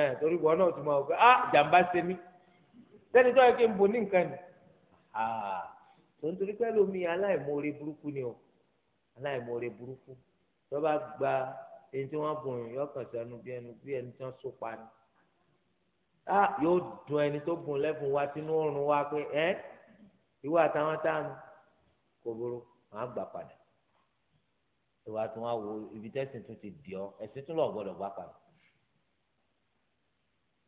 ẹ̀ torí wọn náà ti mọ̀ ọ́ pé ah jàǹbá ṣe mí sẹ́ni tó yẹ kí n bò ní nǹkan ni ah, tó ń torí pẹ́lú mi aláìmoore burúkú ni o aláìmoore burúkú tó bá gba ẹni tí wọ́n bùn yọkàn sẹ́nu bí ẹni tí wọ́n sọ pa ni á yóò dùn ẹni tó gùn lẹ́bùn wa sínú oorun wa pé ẹ ìwọ àtàwọn táàmù kò burú màá gbà padà ìwà tí wọn wò ibi tẹ́sìn tún ti dì ọ́ ẹ̀sìn tún lọ gbọ́dọ̀ gbà padà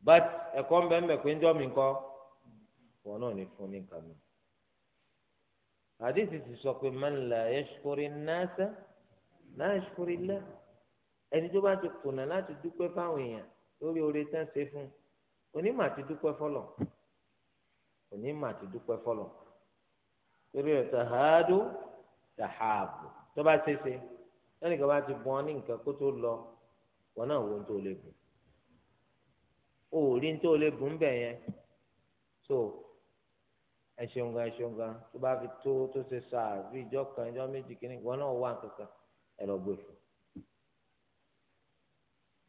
but ẹ̀kọ́ ń bẹ ń bẹ pé ń jọ́ mi kọ́ wọn náà ní fún ní nǹkan mi àdìsí ti sọ pé man la yashkuri an-nasa la yashkuri Allah ẹni tó bá ti kùnà láti dúpẹ́ fáwọn èèyàn lórí oore tán ṣe fún un onímọ̀ àti dúpẹ́ fọlọ̀ onímọ̀ àti dúpẹ́ fọlọ̀ torí ẹ̀ tàhádù tàhábù tó bá ṣeéṣe lẹ́nìkan bá ti bọ́ ọ ní nǹkan kó tó lọ wọn náà wo ohun tó lè bùn ó rí ohun tó lè bùn bẹ́ẹ̀ yẹn so ẹ ṣeun gan ẹ ṣeun gan tó bá fi tó tó ṣe sáà bí ìjọ kan ìjọ méjì kìíní wọn náà wà kankan ẹ lọ gbé fún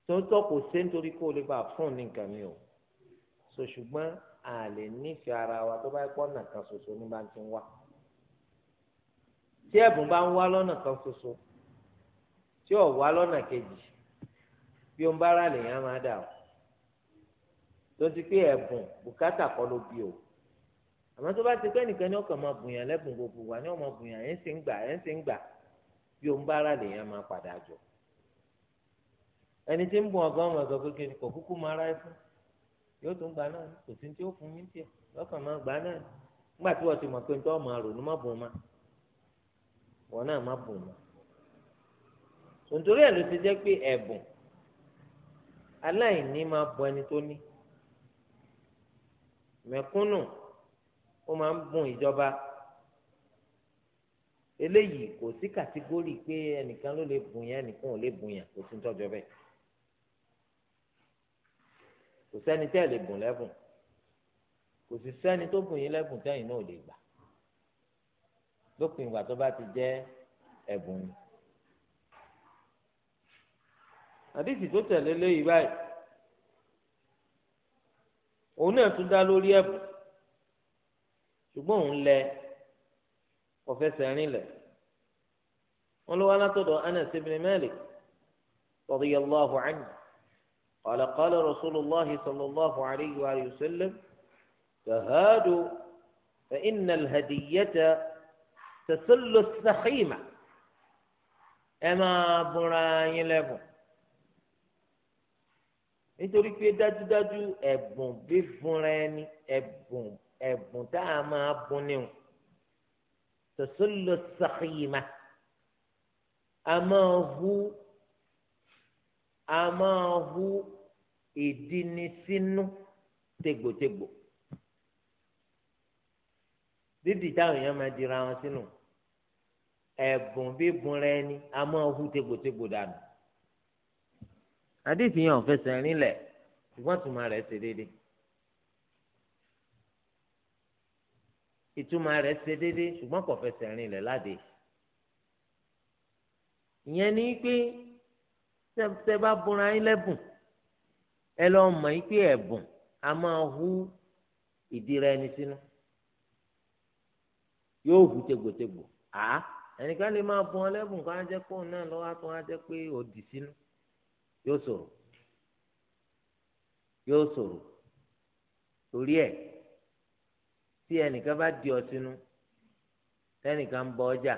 tó ń tọ́ kò sé nítorí kó o lè bá fún ní nǹkan mi o so ṣùgbọ́n a lè nífẹ̀ẹ́ ara wa tó bá pọ̀ ọ̀nà kan ṣoṣo ní bá ń ti wá tí ẹ̀bùn bá ń wá lọ́nà kan ṣoṣo tí ò wá lọ́nà kejì bí o ń bára lèèyàn máa dà o tó ti pé ẹ̀bùn bùkátà kọ́ ló bí o àmọ́ tó bá ti pẹ́ nìkan ní ọkàn máa bùyàn lẹ́bùn gbogbo wa ní ọmọ bùyàn ẹ̀ ń sì ń gbà ẹ̀ ń ń gbà bí o ń bára lèèyàn máa padà jọ ẹni tí ń bùn ọgọ́ ọmọ ọ̀gọ́ kékeré kò kúkú máa ráyé fún yóò tún gbà náà kò sí tí ó fún yín tiẹ̀ lọ́kàn máa gbà náà nígbà tí wọ́n ti mọ̀ pé ń tọ́ máa rò ní má bùn ma wọ́n náà má bùn ma tòǹtòrí ẹ̀ ló ti jẹ́ pé ẹ̀bùn aláìní máa bọ ẹni tó ní mẹ̀kúnnù ó máa ń bùn ìjọba eléyìí kò sí kàtígórì pé ẹnìkan ló lè bùn yẹn ẹnìkan ò lè bùn yẹn kò sí ń tọ́jọ́ bẹ́ẹ̀ kò sẹ́ni tẹ́ lè bùn lẹ́bùn kò sì sẹ́ni tó bùn yín lẹ́bùn tẹ́yìn náà lè gbà lópin ìgbà tó bá ti jẹ́ ẹ̀bùn ni. àdìsí tó tẹ̀lé léyìí báyìí òun náà tún dá lórí ẹ̀bùn ṣùgbọ́n òun lẹ ọ̀fẹ́sẹ̀ rinlẹ̀ wọn ló wá látọ̀dọ̀ Anas ibn Malik radiyallahu anhu. قال قال رسول الله صلى الله عليه وآله وسلم تهادوا فإن الهدية تسل السخيمة أما براي لكم nítorí pé dájúdájú ẹ̀bùn bíbùnra ẹni ẹ̀bùn ẹ̀bùn tá a máa bùn ní o tòṣìlò sàkìyìmá a máa hu a máa hu ìdínisínú tegbòtegbò dídì táwọn èèyàn máa dira wọn sínú ẹ̀bùn bíbùn rẹ ni a máa hu tegbòtegbò dànù àdéhùn yẹn ò fẹsẹ̀ rinlẹ̀ ṣùgbọ́n ìtumọ̀ rẹ̀ ṣe déédéé ìtumọ̀ rẹ̀ ṣe déédéé ṣùgbọ́n kò fẹsẹ̀ rinlẹ̀ láde ìyẹn ni pé tẹ́ bá bùnra yín lẹ́bùn ẹ lọ mọ̀ yín pé ẹ̀bùn a máa hú ìdíra ẹni sínú yóò hù tegbotegbo à ẹnìkan lè máa bọ́n lẹ́bùn kó ajẹ́ pọ̀ náà lọ́wọ́ tó ajẹ́ pé ó dì sínú yóò sọ̀rọ̀ yóò sọ̀rọ̀ torí ẹ̀ tí ẹnìkan bá di ọ sínú tẹnìkan ń bọ ọjà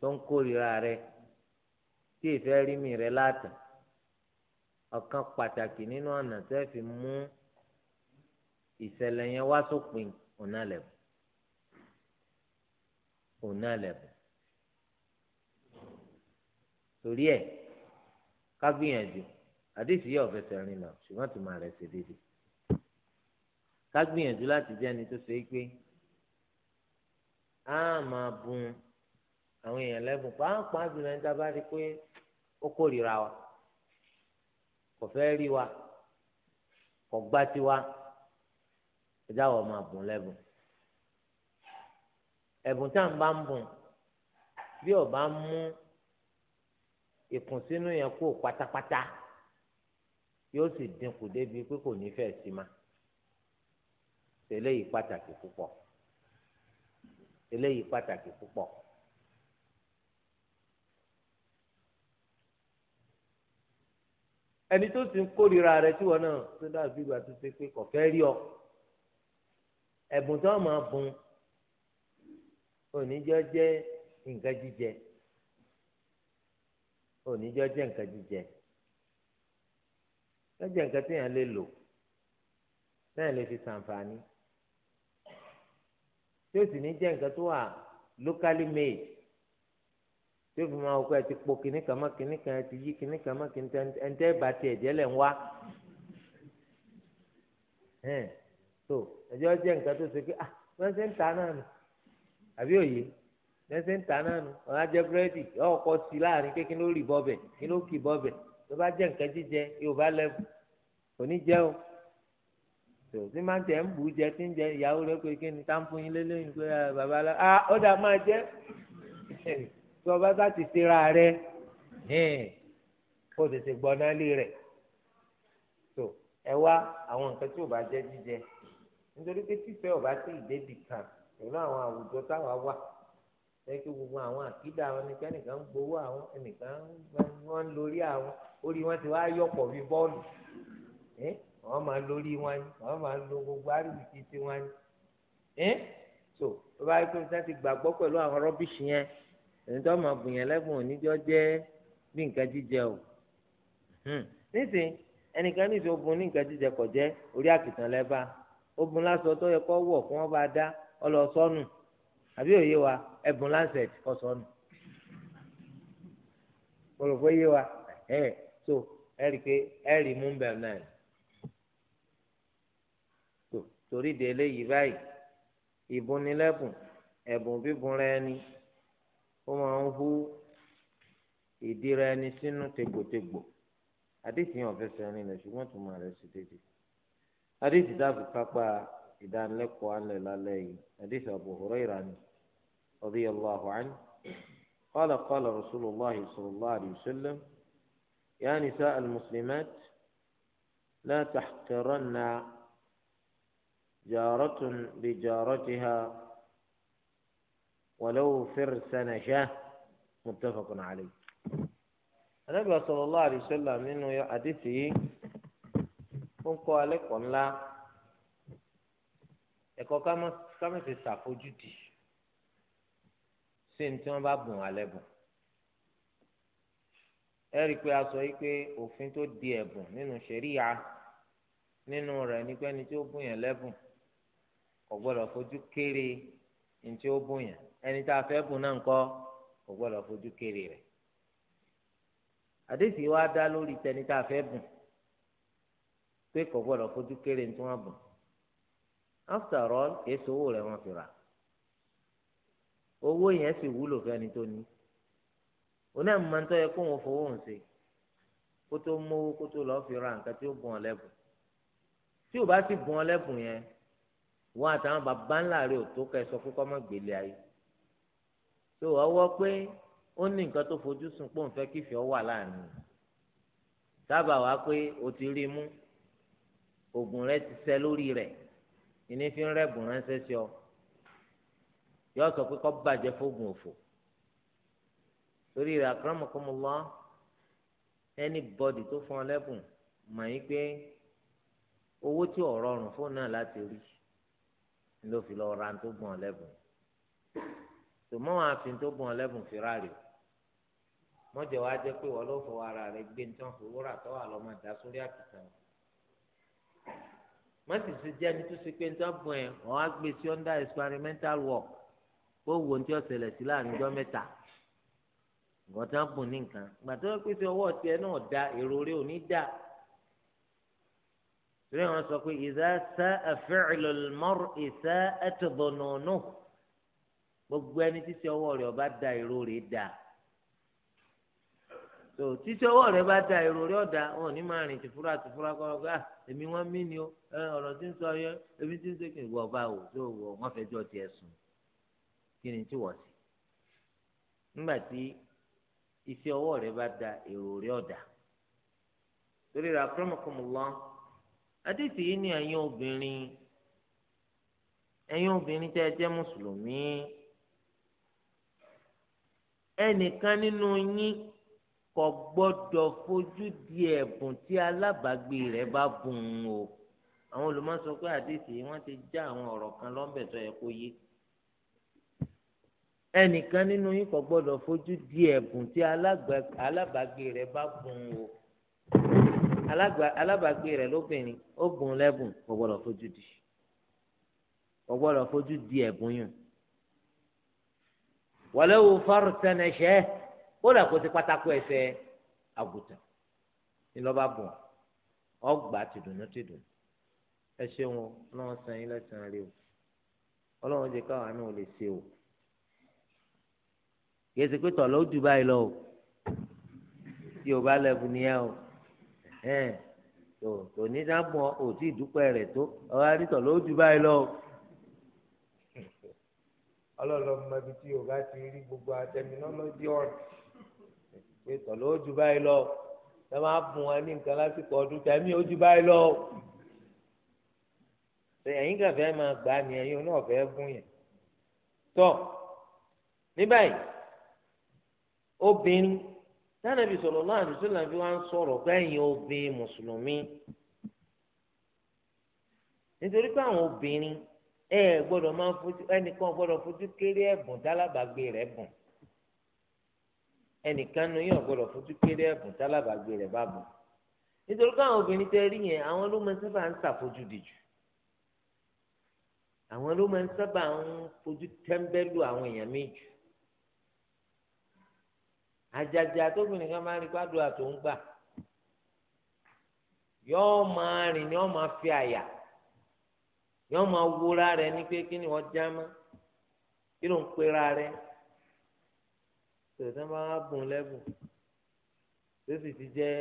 tó ń rẹ tí ìfẹ́ rí mi rẹ látàn ọ̀kan pàtàkì nínú ọ̀nà tẹ́ fi mú ìṣẹ̀lẹ̀ yẹn wá sópin ọ̀nà lẹ́bù ọ̀nà lẹ́bù torí ẹ̀ ká gbìyànjú àdéhùn yóò fẹsẹ̀ rìn lọ ṣùgbọ́n tó máa rẹ̀ ṣe déédéé ká gbìyànjú láti jẹ́ ẹni tó ṣe é pé á máa bùn àwọn èèyàn lẹ́bùn pàápàá jùlọ ẹni tá pé ó kórìíra wa kò fẹ́ rí wa kò gbá tiwa ẹjá wọ máa bùn lẹ́bùn ẹ̀bùn tá à ń bá ń bùn bí ọba ń mú ìkùnsínú yẹn kó pátápátá yóò sì dínkù débi pé kò ní fẹ́ẹ̀ sí ma eléyìí pàtàkì púpọ̀ eléyìí pàtàkì púpọ̀. ẹni tó sì ń kórìíra rẹ tí wọn náà tó dàbí ìgbà tó ṣe pé kò fẹ́ rí ọ ẹ̀bùn tó máa bùn oníjọ́ jẹ́ nǹkan jíjẹ oníjọ́ jẹ́ nǹkan jíjẹ lọ́jọ́ nǹkan téèyàn lè lò téèyàn lè fi ṣàǹfààní tí sì ní jẹ́ nǹkan tó wà locally made tí o fi máa wọ́pẹ́ ti po kìnnì kan mọ́ kìnnì kan ti yí kìnnì kan mọ́ kìnnì kan ẹ̀ńtẹ́ bá tiẹ̀ jẹ́ lẹ̀ ń wá. tó ẹjọ́ jẹ́ nǹkan tó ṣe pé ah wọ́n ṣe ń ta náà nù àbí òye wọ́n ṣe ń ta náà nù ọ̀rá jẹ́ búrẹ́dì yóò kọ́ sí láàrin pé kí ló rì bọ́bẹ̀ kí ló kì bọ́bẹ̀ tó bá jẹ́ nǹkan jíjẹ yóò bá lẹ́bù kò ní jẹ́ o tó tí máa tẹ̀ ń bù jẹ tí ń jẹ ìyàwó rẹ pé kí ni táǹpù yín lélẹ́yìn pé ah, bàbá tí ọba bá ti ṣera rẹ kó o tètè gbọ́ná lé rẹ̀ tó ẹ wá àwọn nǹkan tí ò bá jẹ́ jíjẹ nítorí pé fífẹ́ ọba sí ìdébì kan pẹ̀lú àwọn àwùjọ táwa wà lẹ́kí gbogbo àwọn àkídà àwọn nìkan nìkan ń gbowó àwọn ẹnìkan wọ́n ń lórí àwọn orí wọn ti wá yọ̀pọ̀ bí bọ́ọ̀lù àwọn máa lórí wọn ni àwọn máa lo gbogbo àríwìsí tiwọn so bàbá yìí tó ń sá ti gbàgbọ́ pẹ̀lú àwọn rọ́bìṣì yẹn ẹni tó máa bùn yẹn lẹ́bùn oníjọ́ jẹ́ bí nǹkan jíjẹ o hmm. nísìnyí ẹnìkan ní ìfẹ́ obìnrin ní nǹkan jíjẹ kọ̀ jẹ́ orí àkìtàn lẹ́bàá obìnrin lásán tó yẹ kó wọ̀ kó wọ́n bá dá ọlọ sọ́nù àbí òye wa ẹ̀bùn lancet kọ́ sọ́nù kòròfó yé wa ẹ̀ so ẹ̀rì pé ẹ̀rì mú bẹ̀rẹ̀ náà so torí de eléyìí báyìí ìbùnilẹ́bùn ẹ̀bùn bíbùn rẹ ni ó máa ń hú ìdíra ẹni sínú tegbòtegbò àdéhìí yẹn ọ̀fẹ́sẹ̀ rìn lẹ̀ ṣùgbọ́n tó máa rẹ̀ sí dédé àdéhìí dáàbò pápá ìdánilẹ́kọ̀ọ́ alẹ́ lálẹ́ yìí àdéhìí Abu Hurairah ni radiyallahu anhu qala qala Rasulullahi sallallahu alayhi wa sallam ya nisa al-muslimat la tahqiranna jaratun bi jaratiha. ولو فرس نجاه متفق عليه النبي صلى الله عليه وسلم nínú àdìsí yìí ó ń kọ́ alẹ́ kọ́ ńlá ẹ̀kọ́ kámẹ́sì ṣàfojúdi sí ní tí wọ́n bá bùn alẹ́ bùn ẹ rí i pé a sọ yìí pé òfin tó di ẹ̀bùn nínú ṣẹ̀ríya nínú rẹ̀ ní tí ó bùn yẹn lẹ́bùn kò gbọ́dọ̀ fojú kéré ní tí ó bùn yẹn ẹni tá a fẹ́ bùn náà ńkọ́ kò gbọ́dọ̀ fojú kéré rẹ̀ àdéhùn wa dá lórí tẹni tá a fẹ́ bùn pé kò gbọ́dọ̀ fojú kéré ní tí wọ́n bùn after all kìí sowó rẹ̀ wọ́n fi rà owó yẹn sì wúlò fẹ́ni tó ní oní àmọ́ntọ́ yẹ kó wọn fowó hàn sí kó tó mówó kó tó lọ́ọ́ fi ra nǹkan tí ó bùn ọ lẹ́bùn tí ò bá sì bùn ọ lẹ́bùn yẹn wọn àtàwọn bàbá ńlá rẹ ò tó kẹsọ pé kọ́ gbélé ayé tó ọwọ́ pé ó ní nǹkan tó fojú sùn pé òun fẹ́ kí ìfẹ́ wà láàrin sábà wá pé o ti rí mú oògùn rẹ ti ṣẹ lórí rẹ ìní fi ń rẹ́gùn ránṣẹ́ sí ọ yóò sọ pé kó bàjẹ́ fóògùn òfò torí rẹ akramakumullah anybody tó fún ọ lẹ́bùn mọ̀ yín pé owó tí ò rọrùn fóònù náà láti rí ló fi lọ́ọ́ ra tó gbọ̀n lẹ́bùn tòmọ́ wọn àfi tó bùn ọlẹ́bùn fìràrì o mọ́jọ wa jẹ́ pé wọ́n ló fọ ara rẹ̀ gbé nǹkan fòwúrà tó wà lọ́mọ dá sórí àkìtàn wọ́n sì ti jẹ́ nítòsí pé nǹkan bùn ẹ̀ wọ́n á gbé sí under experimental work kó wo ní tí ó ṣẹlẹ̀ sí láàrin ọjọ́ mẹ́ta gbọ̀dọ̀ bùn ní nǹkan ìgbà tó wọ́n pè ọwọ́ tiẹ̀ náà da èrò rẹ̀ ò ní da torí wọn sọ pé ìdá sá àfẹ́rẹ́ lọ́mọ́rù ìsá ẹ̀tọ́gbọ̀nọ̀ọ́nù. gbogbo ẹni títí ọwọ rẹ ọba da èrò da tó títí ọwọ rẹ bá da èrò wọn ò ní máa rìn tìfúra tìfúra ah, èmi wọn mí ni o tí ń sọ èmi ọba o tó wọ wọn fẹ́ jọ tiẹ̀ sùn kí ni tí wọ́n sì nígbà tí bá da èrò torí ra yìí ni obìnrin obìnrin ẹ ẹnìkan nínú yín kò gbọ́dọ̀ fojú di ẹ̀bùn tí alábàágbé rẹ̀ bá bùn ún o àwọn olùmọ̀ sọ pé àdìsí wọ́n ti já àwọn ọ̀rọ̀ kan lọ́nbẹ̀ tó yẹ kó yé ẹnìkan nínú yín kò gbọ́dọ̀ fojú di ẹ̀bùn tí alábàágbé rẹ̀ bá bùn o alábàágbé rẹ̀ lóbìnrin ó bùn lẹ́bùn kò gbọ́dọ̀ fojú di kò gbọ́dọ̀ fojú di ẹ̀bùn yìí walaw fartan nashah kódà kó ti pátákó ẹsẹ̀ àgùtàn ńlọ́ba bùn ọgbà tìdùnnú tìdùnnú ẹ ṣeun ọlọ́run san yín lẹ́sàn-án rí o ọlọ́run jẹ́ káwọn náà lè ṣe o yẹsẹ pé tọ̀lọ́ jù báyìí lọ o tí o bá lẹ́bù nìyẹn o ẹ̀ẹ́n tò tò ní sábọ̀ òtí ìdúpẹ́ rẹ̀ tó ọ̀rọ̀ àdìtọ̀ ló báyìí lọ o ọlọ́lọ́mọbi tí yorùbá ti rí gbogbo àtẹminọ́lọ́jì ọ̀rọ̀ pé tọ̀lọ́ ó ju báyìí lọ ẹ máa bùn wọn ní nǹkan lásìkò ọdún tẹ̀mí ó ju báyìí lọ. ẹ̀yin kan fẹ́ máa gbà ní ẹ̀yin náà fẹ́ gún yẹn. tọ́ ní báyìí obìnrin tánàbí sallallahu alaihi wasallam fi wá ń sọ̀rọ̀ pẹ́yìn obìnrin mùsùlùmí nítorí pé àwọn obìnrin ẹ gbọ́dọ̀ máa fojú ẹnìkan gbọ́dọ̀ fojú kéré ẹ̀bùn tálábàgbé rẹ̀ bùn ẹnìkan nu yóò gbọ́dọ̀ fojú kéré ẹ̀bùn tálábàgbé rẹ̀ bá bùn nítorí káwọn obìnrin tẹ rí yẹn àwọn ló máa ń sábà ń ṣàfojú dìjú àwọn ló máa ń sábà ń fojú tẹ́ńbẹ́lú àwọn èèyàn méjì àjàjà tóbìnrin kan máa ń rí gbádùn àtò ń gbà máa rìn ni wọ́n máa fi àyà yọ máa wúra rẹ ní pé kí ni wọ́n já mọ́ kí ló ń pera rẹ tòótọ́ máa bùn lẹ́bùn tó sì ti jẹ́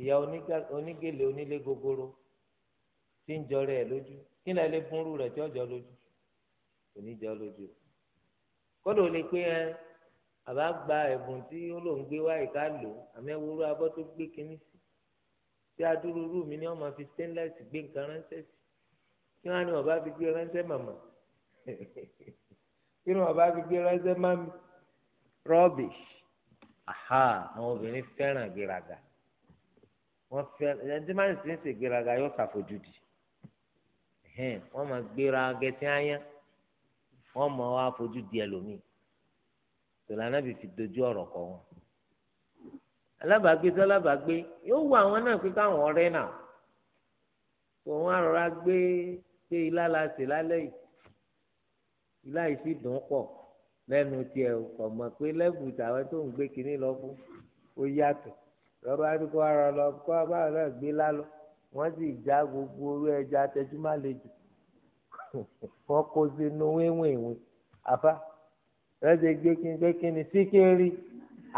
ìyá onígèlè onílé gogoro tí ń jọrọ ẹ̀ lójú kí ni ẹ lè fúnrú rẹ̀ tí ó jọ lójú kò ní jọ lójú kódò lè pé ẹ àbá gba ẹ̀bùn tí ó lò ń gbé wáyé ká lò àmì ẹwúrú abọ́ tó gbé kínní sí tí adúrú mi ni wọ́n máa fi stainless gbé nǹkan ránṣẹ́ sí kí wọn ní wọn bá fi gbé ránṣẹ́ màmá kí wọn bá fi gbé ránṣẹ́ mami rubbish aha àwọn obìnrin fẹ́ràn ìgbéraga wọn fẹ́ràn ẹni tí wọn sì ń ṣe ìgbéraga yóò ṣàfojúdi wọn máa gbéra gẹtí ayán wọn máa wá fojú di ẹlòmíì tòlánà bí fi dojú ọ̀rọ̀ kọ wọn alábàágbé tó alábàágbé yóò wọ àwọn náà pé káwọn ọ̀rẹ́ náà tòun á rọra gbé ṣé ilá la sè lálẹ́ yìí ilá yìí sì dùn pọ̀ lẹ́nu tiẹ̀ kò mọ̀ pé lẹ́bù tàwọn tó ń gbé kinní lọ fún ó yàtọ̀ lọ́ba àdúgbò ara lọ kọ́ abáwọn náà gbé lálọ́ wọ́n sì já gbogbo orí ẹja tẹjúmọ́ àlejò wọ́n kó sínú wíwìnwí àfa lọ́sẹ̀ gbé kíni gbé kíni síkírì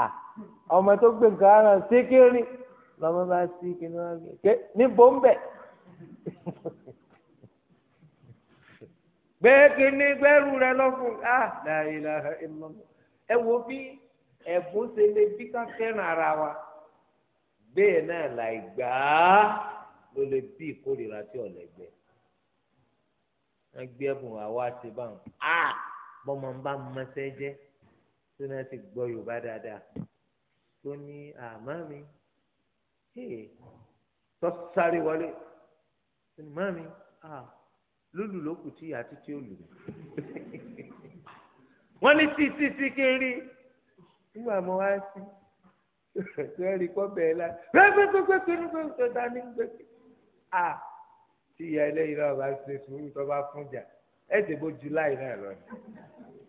à ọmọ tó gbé nǹkan ara síkírì lọ́mọ bá síkírì wọn gbé níbo ń bẹ̀. bẹ́ẹ̀ kí ní gbẹ́rù rẹ lọ́fún ah la ilaha illallah ẹ wo bí ẹ̀bùn ṣe lè bí ká fẹ́ràn ara wa bẹ́ẹ̀ náà láì gbà á ló lè bí ìkórìíra tí ọ̀lẹ́gbẹ́ wọ́n gbé ẹ̀bùn àwa ti bá wọn ah bọ́mọ ń bá mọ́sẹ́ jẹ́ tó náà ti gbọ́ Yorùbá dáadáa tó ní àmá mi tó sáré wọlé tó ní má mi ah lólu ló kù tí àti tí ó lù wọn ní tí tí tí kéré nígbà mo wá sí sẹ́ẹ̀rì kọ́ bẹ̀ẹ́ la gbẹ́gbẹ́gbẹ́gbẹ́ kínú pé òtò dání gbẹ́gbẹ́ à tí ìyá ẹlẹ́yìn náà bá ṣe sùúrù tó bá fún jà ẹ̀ ṣe bó july náà lọ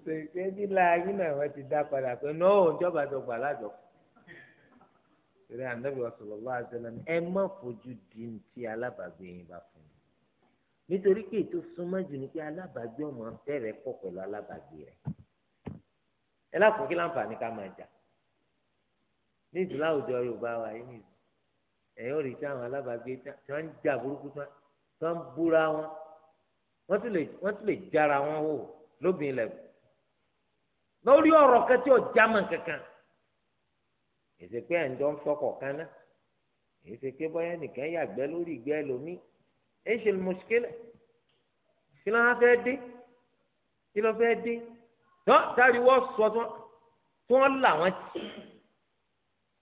ṣèṣe nílá ayé náà wọ́n ti dá padà pé nọ́ọ̀ ìjọba àjọgbà lájọ rẹ ànábì ọ̀sọ̀lọ́lá àjọlá ẹ má fojú di ti alábàgbé yín bá fún nítorí pé ètò súnmọ́ jù ní pé alábàágbé ọmọ bẹ̀rẹ̀ pọ̀ pẹ̀lú alábàágbé rẹ̀ ẹ lákòókí láǹfààní ká máa jà ní ìdílé àwùjọ Yorùbá wa yìí nìyí ẹ̀yìn ò rí tí àwọn alábàágbé tí wọ́n ń jà burúkú tí wọ́n ń búra wọn wọ́n tún lè jára wọn wò lóbìn ilẹ̀kùn lórí ọ̀rọ̀ kan tí ò já kankan èsì pé ẹ̀ ń jọ ń fọkọ̀ kaná èsì pé bọ́yá nìkan yàgbẹ́ lórí ìgbẹ́ lómi ايش المشكله kí ló ń fẹ́ dé kí ló fẹ́ dé tọ́ sáré wọ́n sọ tí wọ́n là wọ́n tì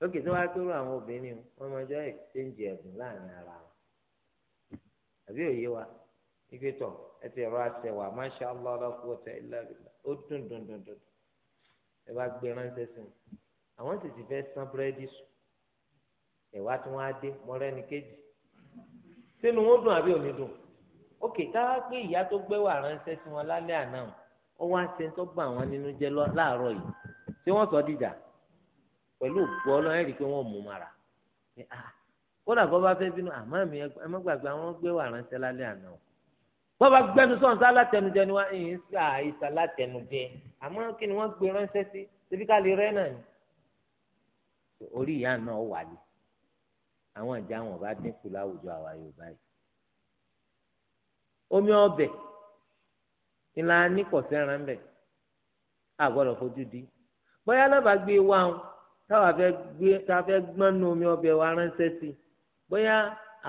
lókè tí wọ́n á kérò àwọn obìnrin wọn máa jọ ẹ̀ṣẹ̀ǹjì ẹ̀bùn láàrin ara wọn àbí òye wa ike tọ̀ ẹ ti rọ àṣẹ wa masha allah la quwwata illa billah ó dùn dùn dùn dùn ẹ bá gbé ránṣẹ́ sí i àwọn sì ti fẹ́ san búrẹ́dì sùn ẹ̀wá tí wọ́n á dé mọ́rẹ́ni kejì sínú wọn dùn àbí òní dùn ókè káwá pé ìyá tó gbẹ́wà ránṣẹ́ sí wọn lálẹ́ àná ó wá ṣe tó gbà wọn nínú jẹ́ láàárọ̀ yìí tí wọ́n sọ dìjà pẹ̀lú òkú ọlọ́run ẹ̀rí pé wọ́n mú mara kódà bọ́ bá fẹ́ bínú àmọ́ mi ẹ má gbàgbé àwọn gbẹ́wà ránṣẹ́ lálẹ́ àná o bọ́ bá gbẹ́nu sọ̀rọ̀ sá látẹnudẹ ni wọ́n ń sa àìsàn látẹnudẹ àmọ́ kí ni wọ́n gbé ránṣẹ́ sí síbí ká lè rẹ́ náà ni orí ìyá náà wà ní àwọn ìjà wọn bá dínkù láwùjọ àwa Yorùbá yìí omi ọbẹ̀ ńlá ní kọsẹran bẹ fojú di bóyá lábàgbé wa ń táwa fẹ́ gbé táwa fẹ́ gbọ́n nu omi ọbẹ̀ wa ránṣẹ́ sí bóyá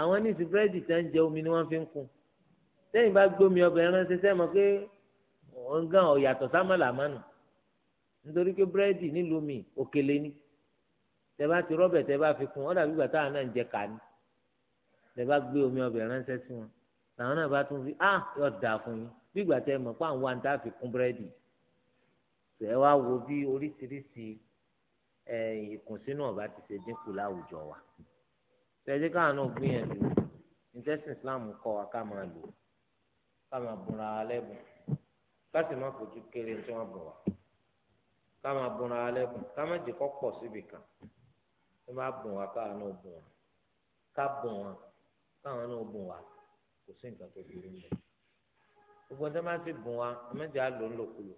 àwọn ní ìsìn búrẹ́dì tẹ́ ń jẹ omi ni wọ́n fi ń kun sẹ́yìn bá gbómi ọbẹ̀ ránṣẹ́ sẹ́yìn mọ̀ pé òun ọ̀yàtọ̀ sámàlà mánu nítorí pé búrẹ́dì nílùú mi òkèlè ni. Lo, mi, tẹ́bá ti rọ́bẹ̀ tẹ́bá fi kún ọ̀dà gbígbà táwọn náà ń jẹ kàní tẹ́bá gbé omi ọbẹ̀ ránṣẹ́ sí wọn làwọn náà bá tún fi á yọ dà fún yín gbígbà tẹ́ mọ̀ pé àwọn àǹtá fi kún búrẹ́dì tẹ́ wá wo bí oríṣiríṣi ìkùnsínú ọ̀bá ti ṣe dínkù láwùjọ wa tẹ́jẹ́ káwọn náà gbìyànjú ìtẹ́sìn Islam kọ́ wa ká máa lò ká máa bùnra wa lẹ́bùn ká sì má fojú kéré tí wọ́n bọ̀ wá ká máa bùnra wa lẹ́bùn ká má jẹ́ kó pọ̀ síbì ẹ má bùn wá káwọn náà bùn wá ká bùn wá káwọn náà bùn wá kò sí nǹkan tó burú mọ́ gbogbo ọjọ́ máa ti bùn wá ẹ á lò ń lòkulò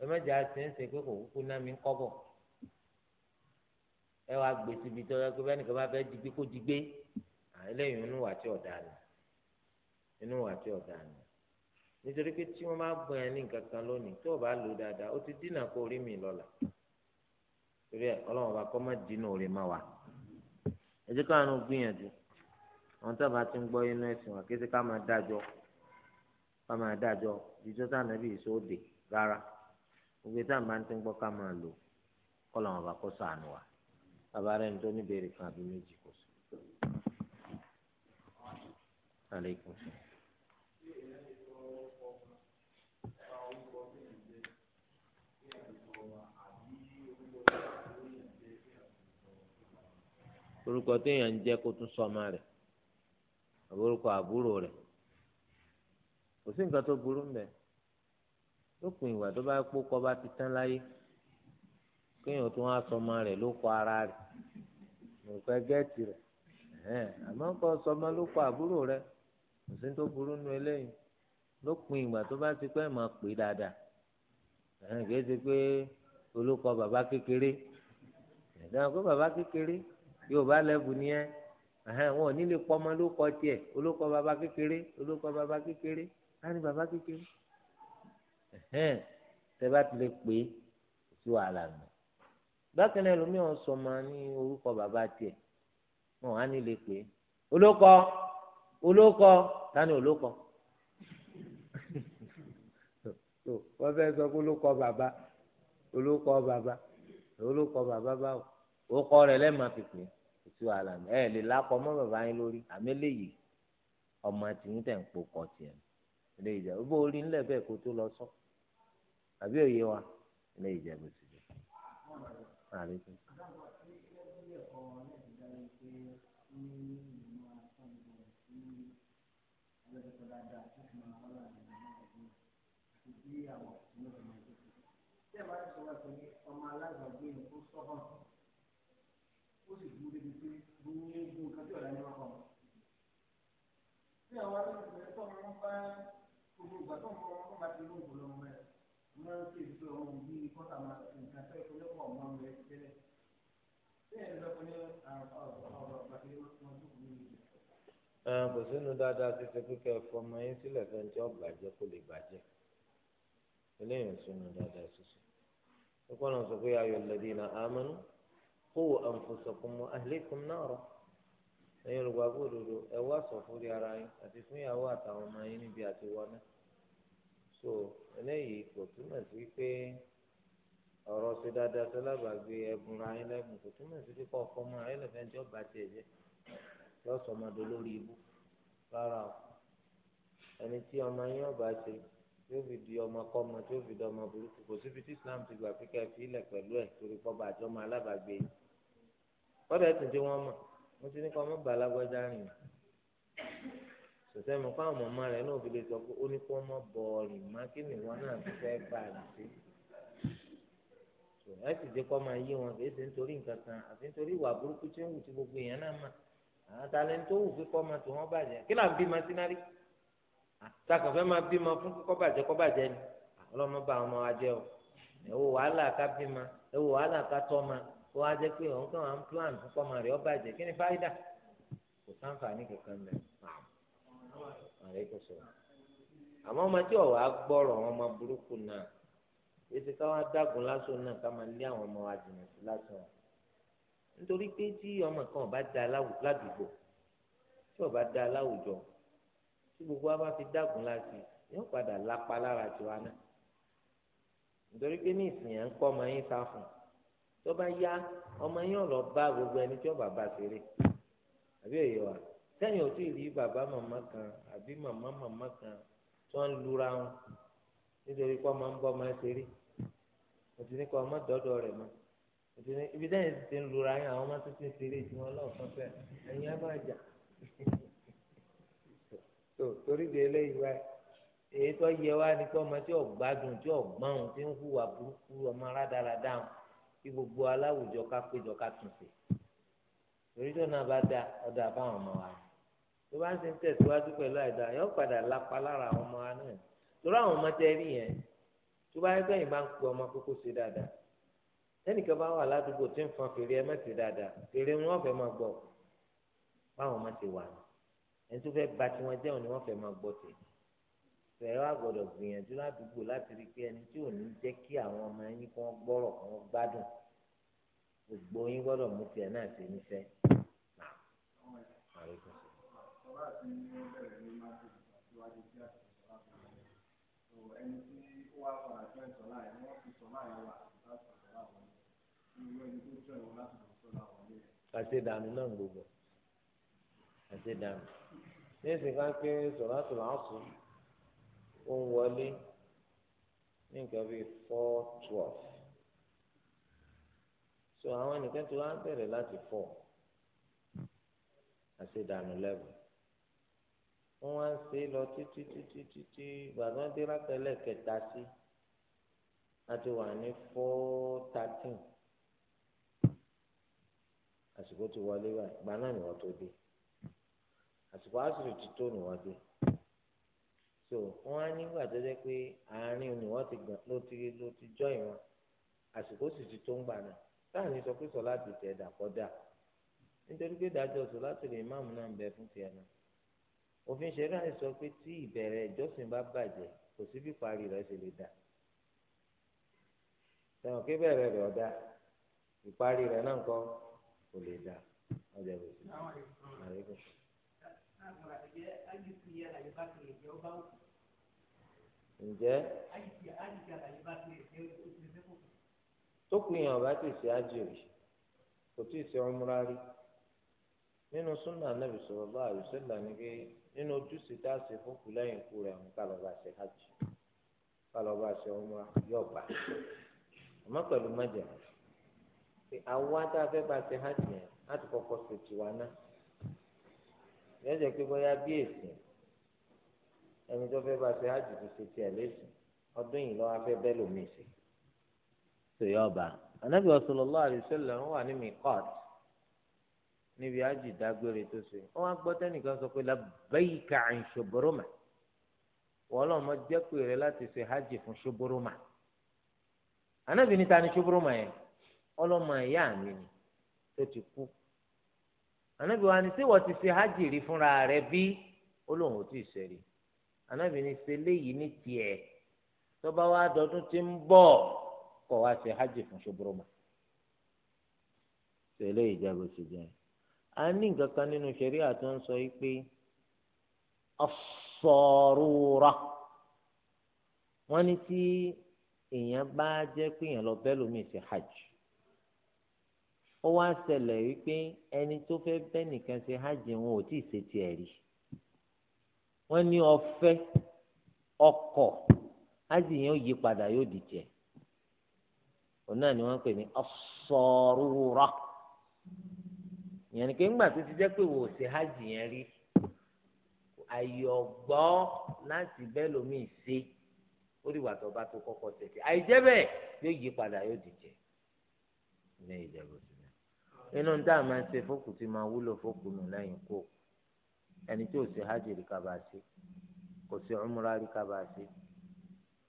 ẹ mẹ́jọ á sì ń sìn pé kò kúkú ná mi ń kọ́ bọ̀ ẹ wàá gbé síbi tó yẹ kó bẹ́ẹ̀ nìkan bá fẹ́ digbé kó digbé eléyìí inú wà tí ọ̀dà ni inú wà tí ọ̀dà ni nítorí pé tí wọ́n bá bọ̀ yẹn ní nǹkan kan lónìí tó o bá lò dáadáa ó ti dínà kó rí mi lọ́la torí ẹ ọlọ́run ọba kọ́ má dínà òrè má wa ẹ jẹ́ káwọn ọ̀nà gbìyànjú àwọn tábà ti ń gbọ́ inú ẹ̀sìn wa kété ká máa dájọ́ ká máa dájọ́ jíjọ́ táwọn ẹbí yìí sóde rárá gbogbo táwọn bá ń ti ń gbọ́ ká máa lò kọ́lọ́run ọba kó ṣàánú wa bàbá rẹ̀ ń tó níbèrè kan àbí méjì kò sí. Aleykum salaam. orúkọ téèyàn ń jẹ́ kó tún sọmọ rẹ̀ àbórúkọ àbúrò rẹ̀ kò sí nǹkan tó burú ń bẹ lópin ìwà tó bá pọ̀ kọ́ bá ti tán láyé kéèyàn tún wá sọmọ rẹ̀ ló kọ ara rẹ̀ nǹkan gẹ́ẹ̀tì rẹ̀ àmọ́ kọ́ sọmọ ló kọ àbúrò rẹ̀ kò sí tó burú nu eléyìí lópin ìgbà tó bá ti pẹ́ máa pè dáadáa kìí ṣe pé olùkọ́ bàbá kékeré ẹ̀dá kó bàbá kékeré yorùbá lẹ́bù ni ẹ́ wọn ò ní lè pọ́ ọmọ lóko tiẹ̀ olóko baba kékeré olóko baba kékeré láti baba kékeré tẹ́bá ti lè pè é sí wàhálà mi bákan náà lómi ọ̀ sọ ma ní orúkọ baba tiẹ̀ wọn á ní lè pè é olóko olóko tani olóko wọ́n fẹ́ sọ pé olóko baba olóko baba olóko baba báwo ó kọ́ rẹ̀ lẹ́ẹ̀ma pèpè sí wàhálà mi ẹ lè lakọ mọ bàbá yín lórí àmì eléyìí ọmọ tìyín tẹ̀ ń po kọ tiẹ̀ eléyìí jẹ́ bó orí ńlẹ̀ bẹ́ẹ̀ kó tó lọ sọ àbí òye wa eléyìí jẹ́ bó ti jẹ́ àríkú. Thank you ní egun nǹkan tí ọ̀dà ní wọn kọ̀. Bí àwọn arúgbó tó ń bá gbogbo ìgbà tó ń bọ̀ wọn bá ti ní òkú lọ́wọ́ rẹ̀, wọ́n máa ń ṣe ìṣe ọmọ òbí kọ́tà máa ṣe nǹkan tó ẹ̀kọ́ lọ́pọ̀ ọmọ rẹ̀ tẹ́lẹ̀. Bẹ́ẹ̀ ni lọ́kọ ní ọ̀rọ̀ àgbàdo wọn tó kù níbi. Kò sínú dáadáa ti ṣe kíkẹ́ fọmọ yín sílẹ̀ fẹ́ tí ó bàjẹ́ kó lè bàjẹ́. Eléyìí sínú dáadáa ṣiṣẹ́. Ó kọ́ náà sọ pé ayọ̀ lẹ́dí na àmọ́nú qu anfusakum wa ahlikum nara ẹ̀yin olùgbàgbọ́ òdodo ẹ wá sọ fún rí ara yín àti fún ìyàwó àtàwọn ọmọ yín níbi àti wọná so eléyìí kò túmọ̀ sí pé ọ̀rọ̀ sí dáadáa tó lábàgbé ẹ̀bùn ra yín lẹ́bùn kò túmọ̀ sí pípọ̀ ọkọ mọ́ ayé lẹ́fẹ̀ẹ́ ní ọba tiẹ̀ jẹ́ lọ́sọ̀ ọmọdé lórí ibú rárá o ẹni tí ọmọ yín ọba ṣe yóò fi di ọmọ kọ́mọ tí yóò fi di ọmọ burúkú kò síbi tí Islam ti gbà pé kẹ́ fi ilẹ̀ pẹ̀lú ẹ̀ torí pọ́ bàjọ́ ọmọ alábàgbé yìí kọ́dà ẹ̀sìn tí wọ́n mọ̀ mo ti ní kọ́ ọmọ bàlágbọ́já rìn sọ̀tẹ́ mi kọ́ àwọn ọmọ rẹ̀ náà fi lè sọ pé ó ní kó ọmọ bọ̀ọ̀lì má kí ni wọn náà fi fẹ́ bá a lè ṣe ẹ sì jẹ́ kọ́ máa yí wọn kìí ṣe nítorí nǹkan kan àti nítorí ìwà burúkú tí ń wù tí gbogbo èèyàn náà mà àtàlẹ́ tó wù pé kọ́ máa tó wọ́n bàjẹ́ kí là ń bímọ sínárì àtàkùn fẹ́ máa bímọ fún kíkọ́ bàjẹ́ kọ́ bàjẹ́ ni ọlọ́mọ bá ọmọ wa jẹ́ o ẹ wo wàhálà ká bímọ ẹ wo wàhálà ká tọ́ máa kó wá jẹ́ pé òun kàn án plan púpọ̀ máa rí ọba jẹ́ kí ni fáyidà kò sáǹfààní kankan bẹ̀ ààrẹ kò sọ̀rọ̀ àmọ́ ọmọ tí ọ̀wá gbọ́rọ̀ àwọn ọmọ burúkú náà èsì káwọn adágún lásán náà ká máa lé àwọn ọmọ wa jìnnà sí lásán nítorí pé tí ọmọ kan ọba da ládùúgbò tí ọba da láwùjọ tí gbogbo wa bá fi dágún láti yóò padà lápá lára tiwa náà nítorí pé ní ìsìn yẹn ń kọ́ ọmọ yín sáfún tó bá yá ọmọ yín lọ bá gbogbo ẹni tí ó bàbá ṣeré àbí èyí wa sẹ́yìn ò tí rí bàbá màmá kan àbí màmá màmá kan tó ń lura wọn nítorí pé ọmọ ń bọ́ ọmọ ṣeré mo ti ní kọ́ ọmọ dọ́dọ̀ rẹ̀ mọ́ mo ti ní ibi dẹ́yìn ti ń lura yín àwọn ọmọ tó ti ń ṣeré tí wọ́n lọ́ọ̀ fún fẹ́ ẹ̀yin á bá jà torí de eléyìí wáyé èyí tó yẹ wá ní pé ọmọ tí ò gbádùn tí ò gbọ́n tí ń hùwà burúkú ọmọ aládàáradá kí gbogbo aláwùjọ ká péjọ ká tún sí torí tó náà bá da ọ̀dà fáwọn ọmọ wa tó bá ń ṣe ń tẹ̀síwájú pẹ̀lú àìdá yóò padà lápá lára àwọn ọmọ wa náà torí àwọn ọmọ tẹ́ rí yẹn tó bá yẹ kẹ́yìn bá ń pe ọmọ kókó ṣe dáadáa tẹ́nìkan bá wà ládùúgbò tí ń fọn fèrè ẹ mẹ́sì dáadáa fèrè wọn fẹ́ máa gbọ́ báwọn ọmọ ti wà ní ẹni tó fẹ́ ba tiwọn jẹ́ òun ni wọ́n fẹ́ máa gbọ́ tèmi fẹ́ẹ́ wá gbọ́dọ̀ gbìyànjú ládùúgbò láti rí pé ẹni tí ò ní jẹ́ kí àwọn ọmọ yín kan gbọ́rọ̀ kan gbádùn gbogbo yín gbọ́dọ̀ mú tiẹ̀ náà ṣe níṣẹ́. ẹni tí ó wá sọ̀rọ̀ àti ẹ̀sọ́ náà gbogbo àṣedànù ní ìsìnká pé sọ̀rọ̀ àtùlọ̀ àṣùn ó ń wọlé ní nǹkan bíi four twelve so àwọn ẹnìkan tí wọ́n á bẹ̀rẹ̀ láti four àṣedànù lẹ́bùn wọ́n wá ń ṣe lọ títí títí títí gbàdúrà dé rákẹ́lẹ̀ kẹta sí láti wà ní four thirteen àsìkò ti wọlé báyìí gbà náà ni wọ́n tó dé àsìkò àṣírí ti tó ni wọ́n dé so wọn á nígbà tó jẹ pé àárín ni wọn ti gbọn ló ti ló ti jọ ìwọn àsìkò sì ti tó ń gbà náà táàní sọ pé sọlá ti tẹ̀ dà kọ́ dà nítorí pé dájọ́ sọlá tó lè máàmù náà ń bẹ fún tiẹ̀ náà òfin ṣẹlẹ̀ àìsọ pé tí ìbẹ̀rẹ̀ ìjọsìn bá bàjẹ́ kò sí bí parí rẹ̀ ṣe lè dà tẹ̀wọ̀n kí bẹ̀rẹ̀ rẹ̀ ọ̀dà ìparí rẹ̀ náà ń kò lè dà ọjà ìwòsàn ǹjẹ́ tó pin yàn bá ti ṣe ájì rí kò tí ì ṣe ọmúra rí nínú súnà nàbì sallallahu alaihi wasallam ni pé nínú ojúṣe tá a ṣe fókù lẹ́yìn ikú rẹ̀ ń kálọ̀ bá ṣe ájì kálọ̀ bá ṣe ọmúra yóò gbà àmọ́ pẹ̀lú mọ́jà àwa tá a fẹ́ bá ṣe ájì yẹn láti kọ́kọ́ ṣe tiwa náà. yẹ́jẹ̀ pé bóyá bí èsì ẹni tó fẹ́ bá ṣe hajj tó ṣe tiẹ̀ lẹ́sìn ọdún yìí lọ́wọ́ afẹ́ bẹ́ẹ̀ lómi ṣe tòyọ́ ọba anabi sallallahu alaihi wasallam wà ní miqat níbi hajj dágbére tó ṣe wọ́n wá gbọ́ sọ pé mọ jẹ́pẹ̀ rẹ láti hajj fún anabi níta ni yẹn ẹ̀yà mi ni tó ti kú anabi wa ni ṣé ti ṣe hajj rí fúnra rẹ bí ó lóun ò tí ì ṣe rí anabi ni ṣe léyìí ní tiẹ̀ tó bá wá dọdún tí ń bọ̀ kọ́ wá ṣe hajj fún ṣobroma ṣe léyìí jẹ́ ṣe jẹ́ a ní nǹkan kan nínú ṣẹ̀ríà tó ń sọ yìí pé ọ̀sọ̀rùrọ̀ wọ́n ní tí èèyàn bá jẹ́ pé èèyàn lọ bẹ́ẹ̀ lómi ṣe hajj. ó wá ṣẹlẹ̀ wípé ẹni tó fẹ́ bẹ́ nìkan ṣe hajj wọn ò tíì ṣe tiẹ̀ rí wọ́n ní ọfẹ́ ọkọ̀ hajj yẹn ó yí padà yóò di òun náà ni wọ́n pè ní ọ̀sọ̀rúra ni ńgbà tó ti jẹ́ pé wò ó ṣe hajj yẹn rí láti bẹ́ẹ̀ lómi ṣe ó rí bá tó di inú ń dáa máa ń ṣe fókù tí máa wúlò fókù nù lẹ́yìn kó ẹni tí ò sí hajj rí kaba sí kò sí umra rí kaba sí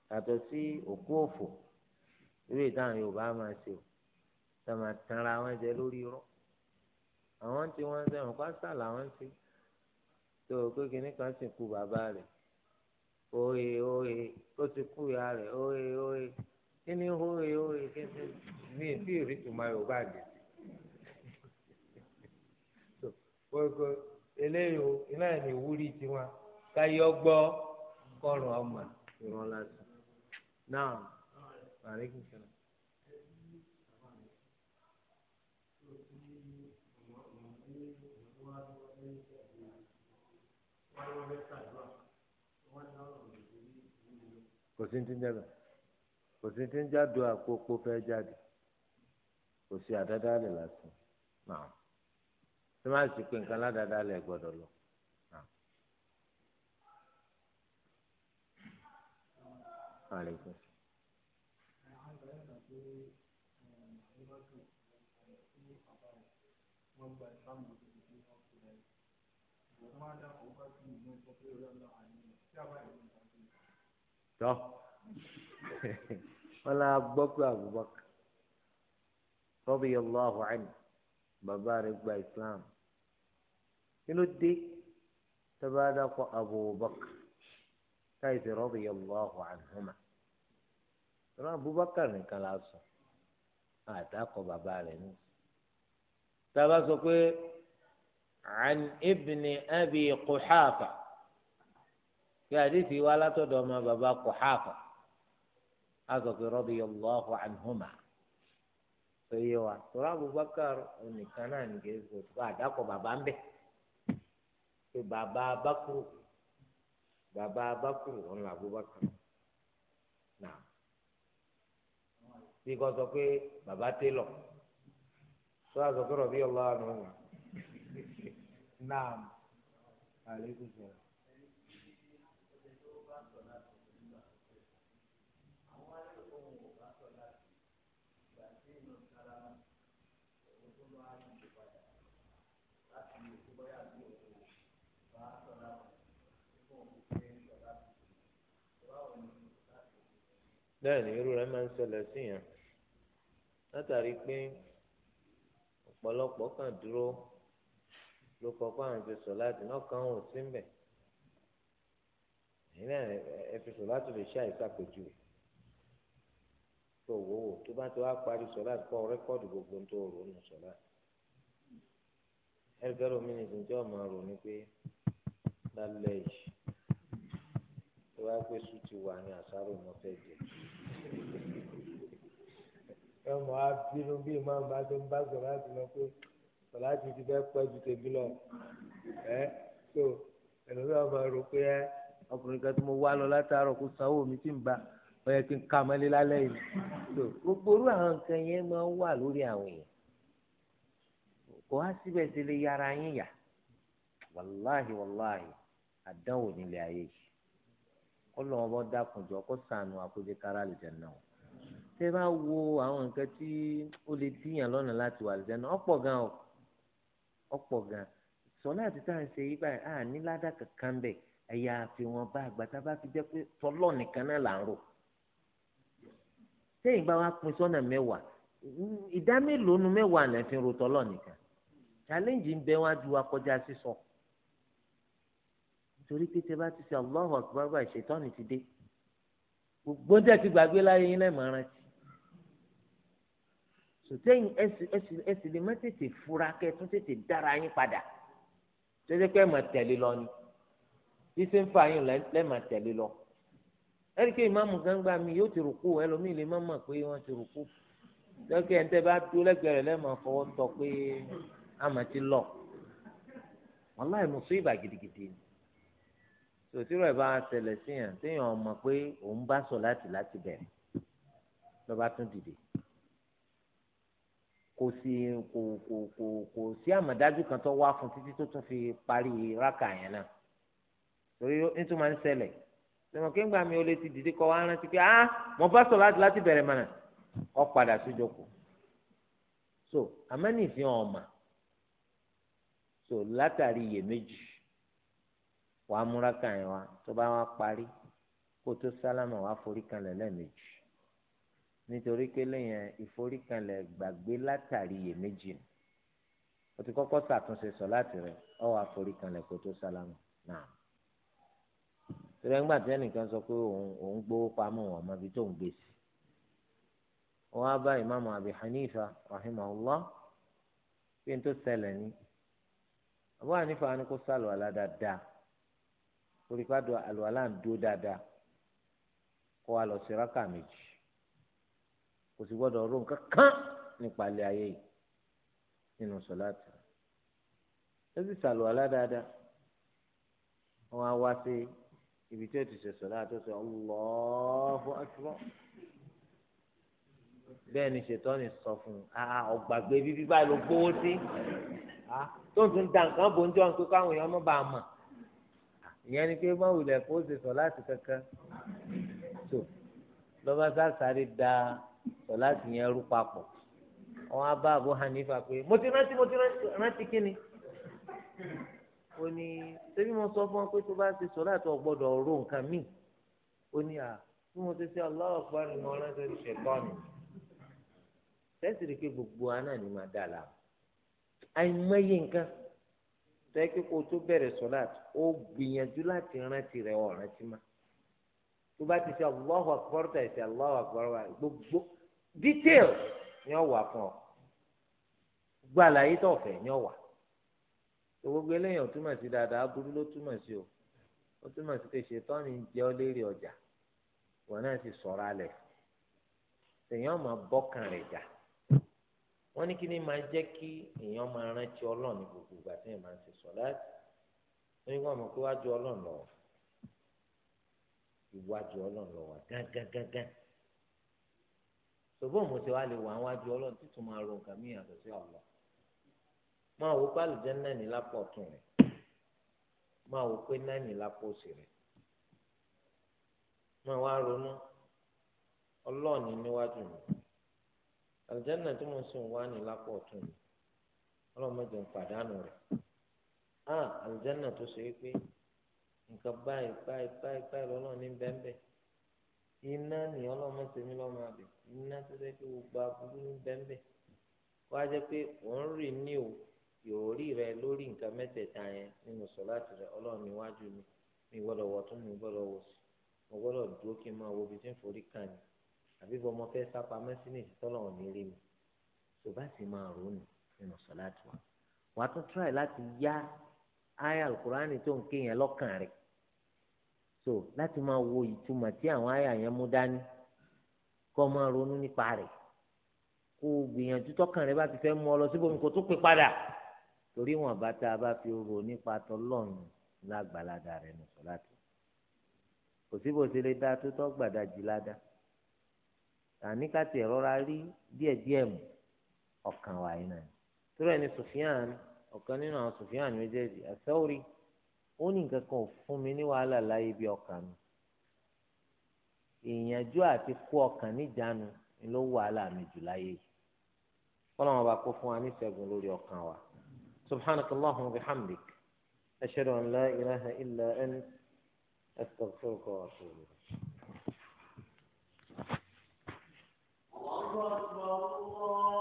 yàtọ̀ sí òkú òfò irú ìdáhùn Yorùbá máa ṣe o tá máa tanra wọn jẹ lórí irọ́ àwọn tí wọ́n ń sẹ́wọ̀n pásítà làwọn ń tó o pé kinní kan sì kú bàbá rẹ̀ oye oye ó ti kú ìyá rẹ̀ oye oye kí ni oye oye kí ni bí èsì ìrìtùmọ̀ Yorùbá dé. gbogbo eléyìí o iná ẹ̀ ní ìwúrí tiwọn káyọ gbọ́ kọrùn ọmọ ìrọ̀ lásán náà maaleykum si kò sí ti ń má sì pé nǹkan ládàáda lẹ gbọ́dọ̀ lọ. Ah. Alaikum. tọ́ wọn la gbọ́ pé Abubakar radiyallahu anhu bàbá rẹ̀ gba Islam. kí ló dé tọ́ba dákọ̀ abubakar káyọ̀tì radiyallahu anhuma tọ́ba abubakar nìkan la sọ àdàkọ̀ bàbá rẹ̀ ní. tọ́ba sọ pé an ibni abi quhafa kí àdìsí wa látọ̀dọ̀ ọmọ bàbá quhafa a sọ pé radiyallahu sọ yé wa abubakar nìkan náà nìkan sọ bàbá ń pé bàbá abakuru bàbá abakuru ọ̀nà abubakar náà bí kò sọ pé bàbá télọ̀ tó a sọ pé rọ̀bí ọlọ́wà nù náà àlékún sọ̀rọ̀. bẹ́ẹ̀ ni irú rẹ̀ máa ń ṣẹlẹ̀ sí yẹn látàrí pé ọ̀pọ̀lọpọ̀ kan dúró ló kọ́ pé àwọn ti sọ láti náà kàn wọ́n sí mbẹ̀ ìyẹn náà ẹ fi sọ láti lè ṣe àìsàpèjú rẹ̀ tó wò wò tó bá ti wá parí sọ láti kọ́ rẹ́kọ́ọ̀dù gbogbo tó rò nù sọ láti ẹgbẹ́ rẹ̀ omi nìkan tí wọ́n rò ní pé lálẹ́ yìí tó bá pé sùn ti wà ní àṣàrò mo fẹ́ jẹ ẹ mọ abínú bí ìmáàmù bá tó ń bá sọ láti lọ pé sọ láti ti fẹ́ pẹ́ ju tèmi lọ ẹ tó ẹlòmíràn máa rò pé ẹ ọkùnrin kan tí mo wá lọ látàárọ̀ kó sanwó mi ti ń ba ó yẹ kí n ka mọ́lé lálẹ́ yìí tó gbogbo orú àwọn nǹkan yẹn máa ń wà lórí àwọn èèyàn kò wá síbẹ̀ sí lè yára yín yà wàláhì wàláhì àdánwò nílé ayé yìí kọ́lọ́wọ́n bọ́ dákunjọ kó sànù àkójẹ kára àlùjẹ náà tẹ bá wo àwọn nǹkan tí ó lè díyàn lọ́nà láti wà àlùjẹ náà ọ̀pọ̀ gan o ọ̀pọ̀ gan sọlá àti tá à ń ṣe yí báyìí a ní ládàá kankan bẹ̀ ẹ̀yà àfihàn bá àgbàtà bá fi jẹ́ pé tọ́lọ́ nìkan náà là ń rò sẹ́yìn bá wa pín sọ́nà mẹ́wàá ìdá mélòó nu mẹ́wàá lẹ́fin ro tọ́lọ́ nìkan challenge ń bẹ wájú wa kọjá sísọ. So torí pé tẹ bá ti ṣe Allahu Akbar bá ìṣètọ́ni ti dé gbogbo ń tẹ̀sí gbàgbé láyé yín lẹ́ẹ̀mọ́ rántí sòtẹ́yìn ẹsì lè má tètè fura kẹ́ tún tètè dára yín padà tẹ́tẹ́ pé mà tẹ̀lé lọ ni bí ṣe ń fa yín lẹ́ẹ̀mà tẹ̀lé lọ ẹ̀ríkẹ́ ìmáàmù gángan mi yóò ti rùkú ẹlòmíì lè má mọ̀ pé wọ́n ti rùkú lọ́kẹ́ ẹ̀ ń tẹ́ bá dúró lẹ́gbẹ̀ẹ́ rẹ̀ lẹ́ẹ̀mà fọwọ́ tọ pé àmà ti lọ wàláì mùsùlùmí gidigidi ni sòtírọ̀ ẹ̀ bá ṣẹlẹ̀ sí yàn téèyàn mọ̀ pé òun bá sọ láti láti bẹ̀rẹ̀ lọ́ba tún dìde kò sí kò kò kò kò sí àmọ̀dájú kan tó wá fún títí tó tún fi parí rákà yẹn náà torí nítorí máa ń ṣẹlẹ̀ sọmọ kí n gbà mí o lè ti dìde kọ wá rántí pé ah mo bá sọ láti láti bẹ̀rẹ̀ mọ̀nà ọ padà síjọkọ̀ so àmọ́ nìsín ọ̀ma so látàrí iyèméjì wàá múraká yẹn wá tó bá wá parí kó tó sálámà wàá forí kanlẹ̀ lẹ́ẹ̀mejì nítorí pé lẹ́yìn ìforíkanlẹ̀ gbàgbé látàrí iyèméjì ni o ti kọ́kọ́ ṣàtúnṣe sọ láti rẹ̀ ọ wàá foríkanlẹ̀ kó tó sálámà náà torí ẹgbà tí ẹnìkan sọ pé òun òun gbowó pamọ́ wọn ọmọ ibi tó ń gbé sí wọn á bá ìmáàmù Abi Hanifa rahimahullah pé n tó ṣẹlẹ̀ ní Abu Hanifa ni kó sálọ aládàá dáa orí pàdé àlùwàlà ń do dáadáa kó wa lọ sí rákà méjì kò sì gbọ́dọ̀ rò nǹkan kan nípa ilé ayé yìí nínú sọláàtì ó sì sàlùwàlà dáadáa wọn á wá sí ibi tí ó ti ṣe sọláàtì ó sọ Allahu akbar bẹ́ẹ̀ ni ṣètọ́ni sọ fún un ọgbàgbé bíbí báyìí ló gbówó sí tó ń tún da nǹkan bò ń jọ nǹkan káwọn èèyàn mọ́ bá a mọ̀ ìyẹn ni pé máa wulẹ̀ kó o ṣe sọ láti kankan tó lọ́ba sáré da sọ láti yẹn rú papọ̀ wọn á bá Abu Hanifa pé mo ti rántí mo ti rántí kí ni ó ní ṣebí mo sọ fún ọ pé tó bá ṣe sọ láti ọgbọ́dọ̀ ro nǹkan míì ó ní à bí mo ti ṣe ọlọ́wọ́ pa ni mo rántí ṣètọ́nù tẹ́sí rí i pé gbogbo aná ni màá dà láàmú àìmọye nǹkan tẹ́kí kó tó bẹ̀rẹ̀ sọ́láàt ó gbìyànjú láti rántí rẹ̀ ọ̀ràn tí ma tó bá ti ṣe Allahu Akbar tà ṣe Allahu Akbar wa gbogbo detail ni ó wà fún ọ gbogbo àlàyé tó fẹ́ ni ó wà gbogbo eléyàn túmọ̀ sí dáadáa aburú ló túmọ̀ sí o ó túmọ̀ sí pé ṣètọ́ni jẹ́ ọ lérí ọjà wọn náà sì sọ̀rọ̀ alẹ̀ tèèyàn máa bọ́kàn rẹ̀ jà wọ́n ní kí ni máa jẹ́ kí èèyàn máa rántí ọlọ́run ní gbogbo ìgbà tí èèyàn máa ń ṣe sọ̀láàtì wọ́n ní wọ́n mọ̀ pé wájú ọlọ́run lọ ìwájú ọlọ́run lọ wà gángangangan ṣùgbọ́n mo ti wá lè wà wájú ọlọ́run títún máa ro nǹkan míì yàtọ̀ sí Allah máa wò pé àlùjánnà ní lápò ọ̀tún rẹ̀ máa wò pé náà ní lápò òsì rẹ̀ máa wá ronú ọlọ́run níwájú mi àlùjánnà tí mo ń sìn wá ní lápò ọ̀tún mi ọlọ́mọdé ń pàdánù rẹ̀ á àlùjánnà tó ṣe é pé nǹkan báyìí báyìí báyìí báyìí lọ́nà ní bẹ́ẹ̀nbẹ́ẹ̀ iná ni ọlọ́mọ tèmi lọ́mọ àbẹ̀ iná tó ṣe pé gbogbo aburú ní bẹ́ẹ̀nbẹ́ẹ̀ wá jẹ́ pé òun rì ní o ìròrí rẹ lórí nǹkan mẹ́tẹ̀ẹ̀ta yẹn nínú sọ̀láàtì rẹ ọlọ́run níwájú mi mi gbọ́dọ̀ wọ̀ tún mi gbọ́dọ̀ wọ̀ sí mo gbọ́dọ̀ dúró kí n máa wo ibi tí ń forí kàn ní àbí bọ́ ọmọ fẹ́ sá pamọ́ sí ní ìsítọ́lọ̀ ò ní rí mi tó bá sì máa rò nù nínú sọ̀láàtì wa wàá tún tíráì láti yá àyà alukurani tó ń ké lọ́kàn rẹ̀ so láti máa wo ìtumọ̀ tí àwọn àyà yẹn mú dání kó máa ronú nípa rẹ̀ kó gbìyànjú tọkàn rẹ̀ bá ti fẹ́ mú ọ lọ síbòmí kó tó pè padà torí wọn bá tá a bá fi rò nípa tọlọ́run lágbàládà rẹ̀ nù sọ̀láàtì kò síbòsílẹ̀ dá tó tọ́ gbàdájì ládàá àní ká tiẹ̀ rọra rí díẹ̀díẹ̀ mú ọ̀kan wà yìí náà torí ẹni Sufyan ọ̀kan nínú àwọn Sufyan méjèèjì àṣẹ́wòrì ó ní nǹkan kan ò fún mi ní wàhálà láyé bí ọkàn mi ìyànjú àti kó ọkàn níjànú ló wàhálà mi jù láyé yìí fọlọ́n ọba kó fún wa ní ṣẹ́gun lórí ọkàn wa subhanaka wa bihamdik ashhadu an la ilaha illa ant astaghfiruka wa atubu ilayk. الله الله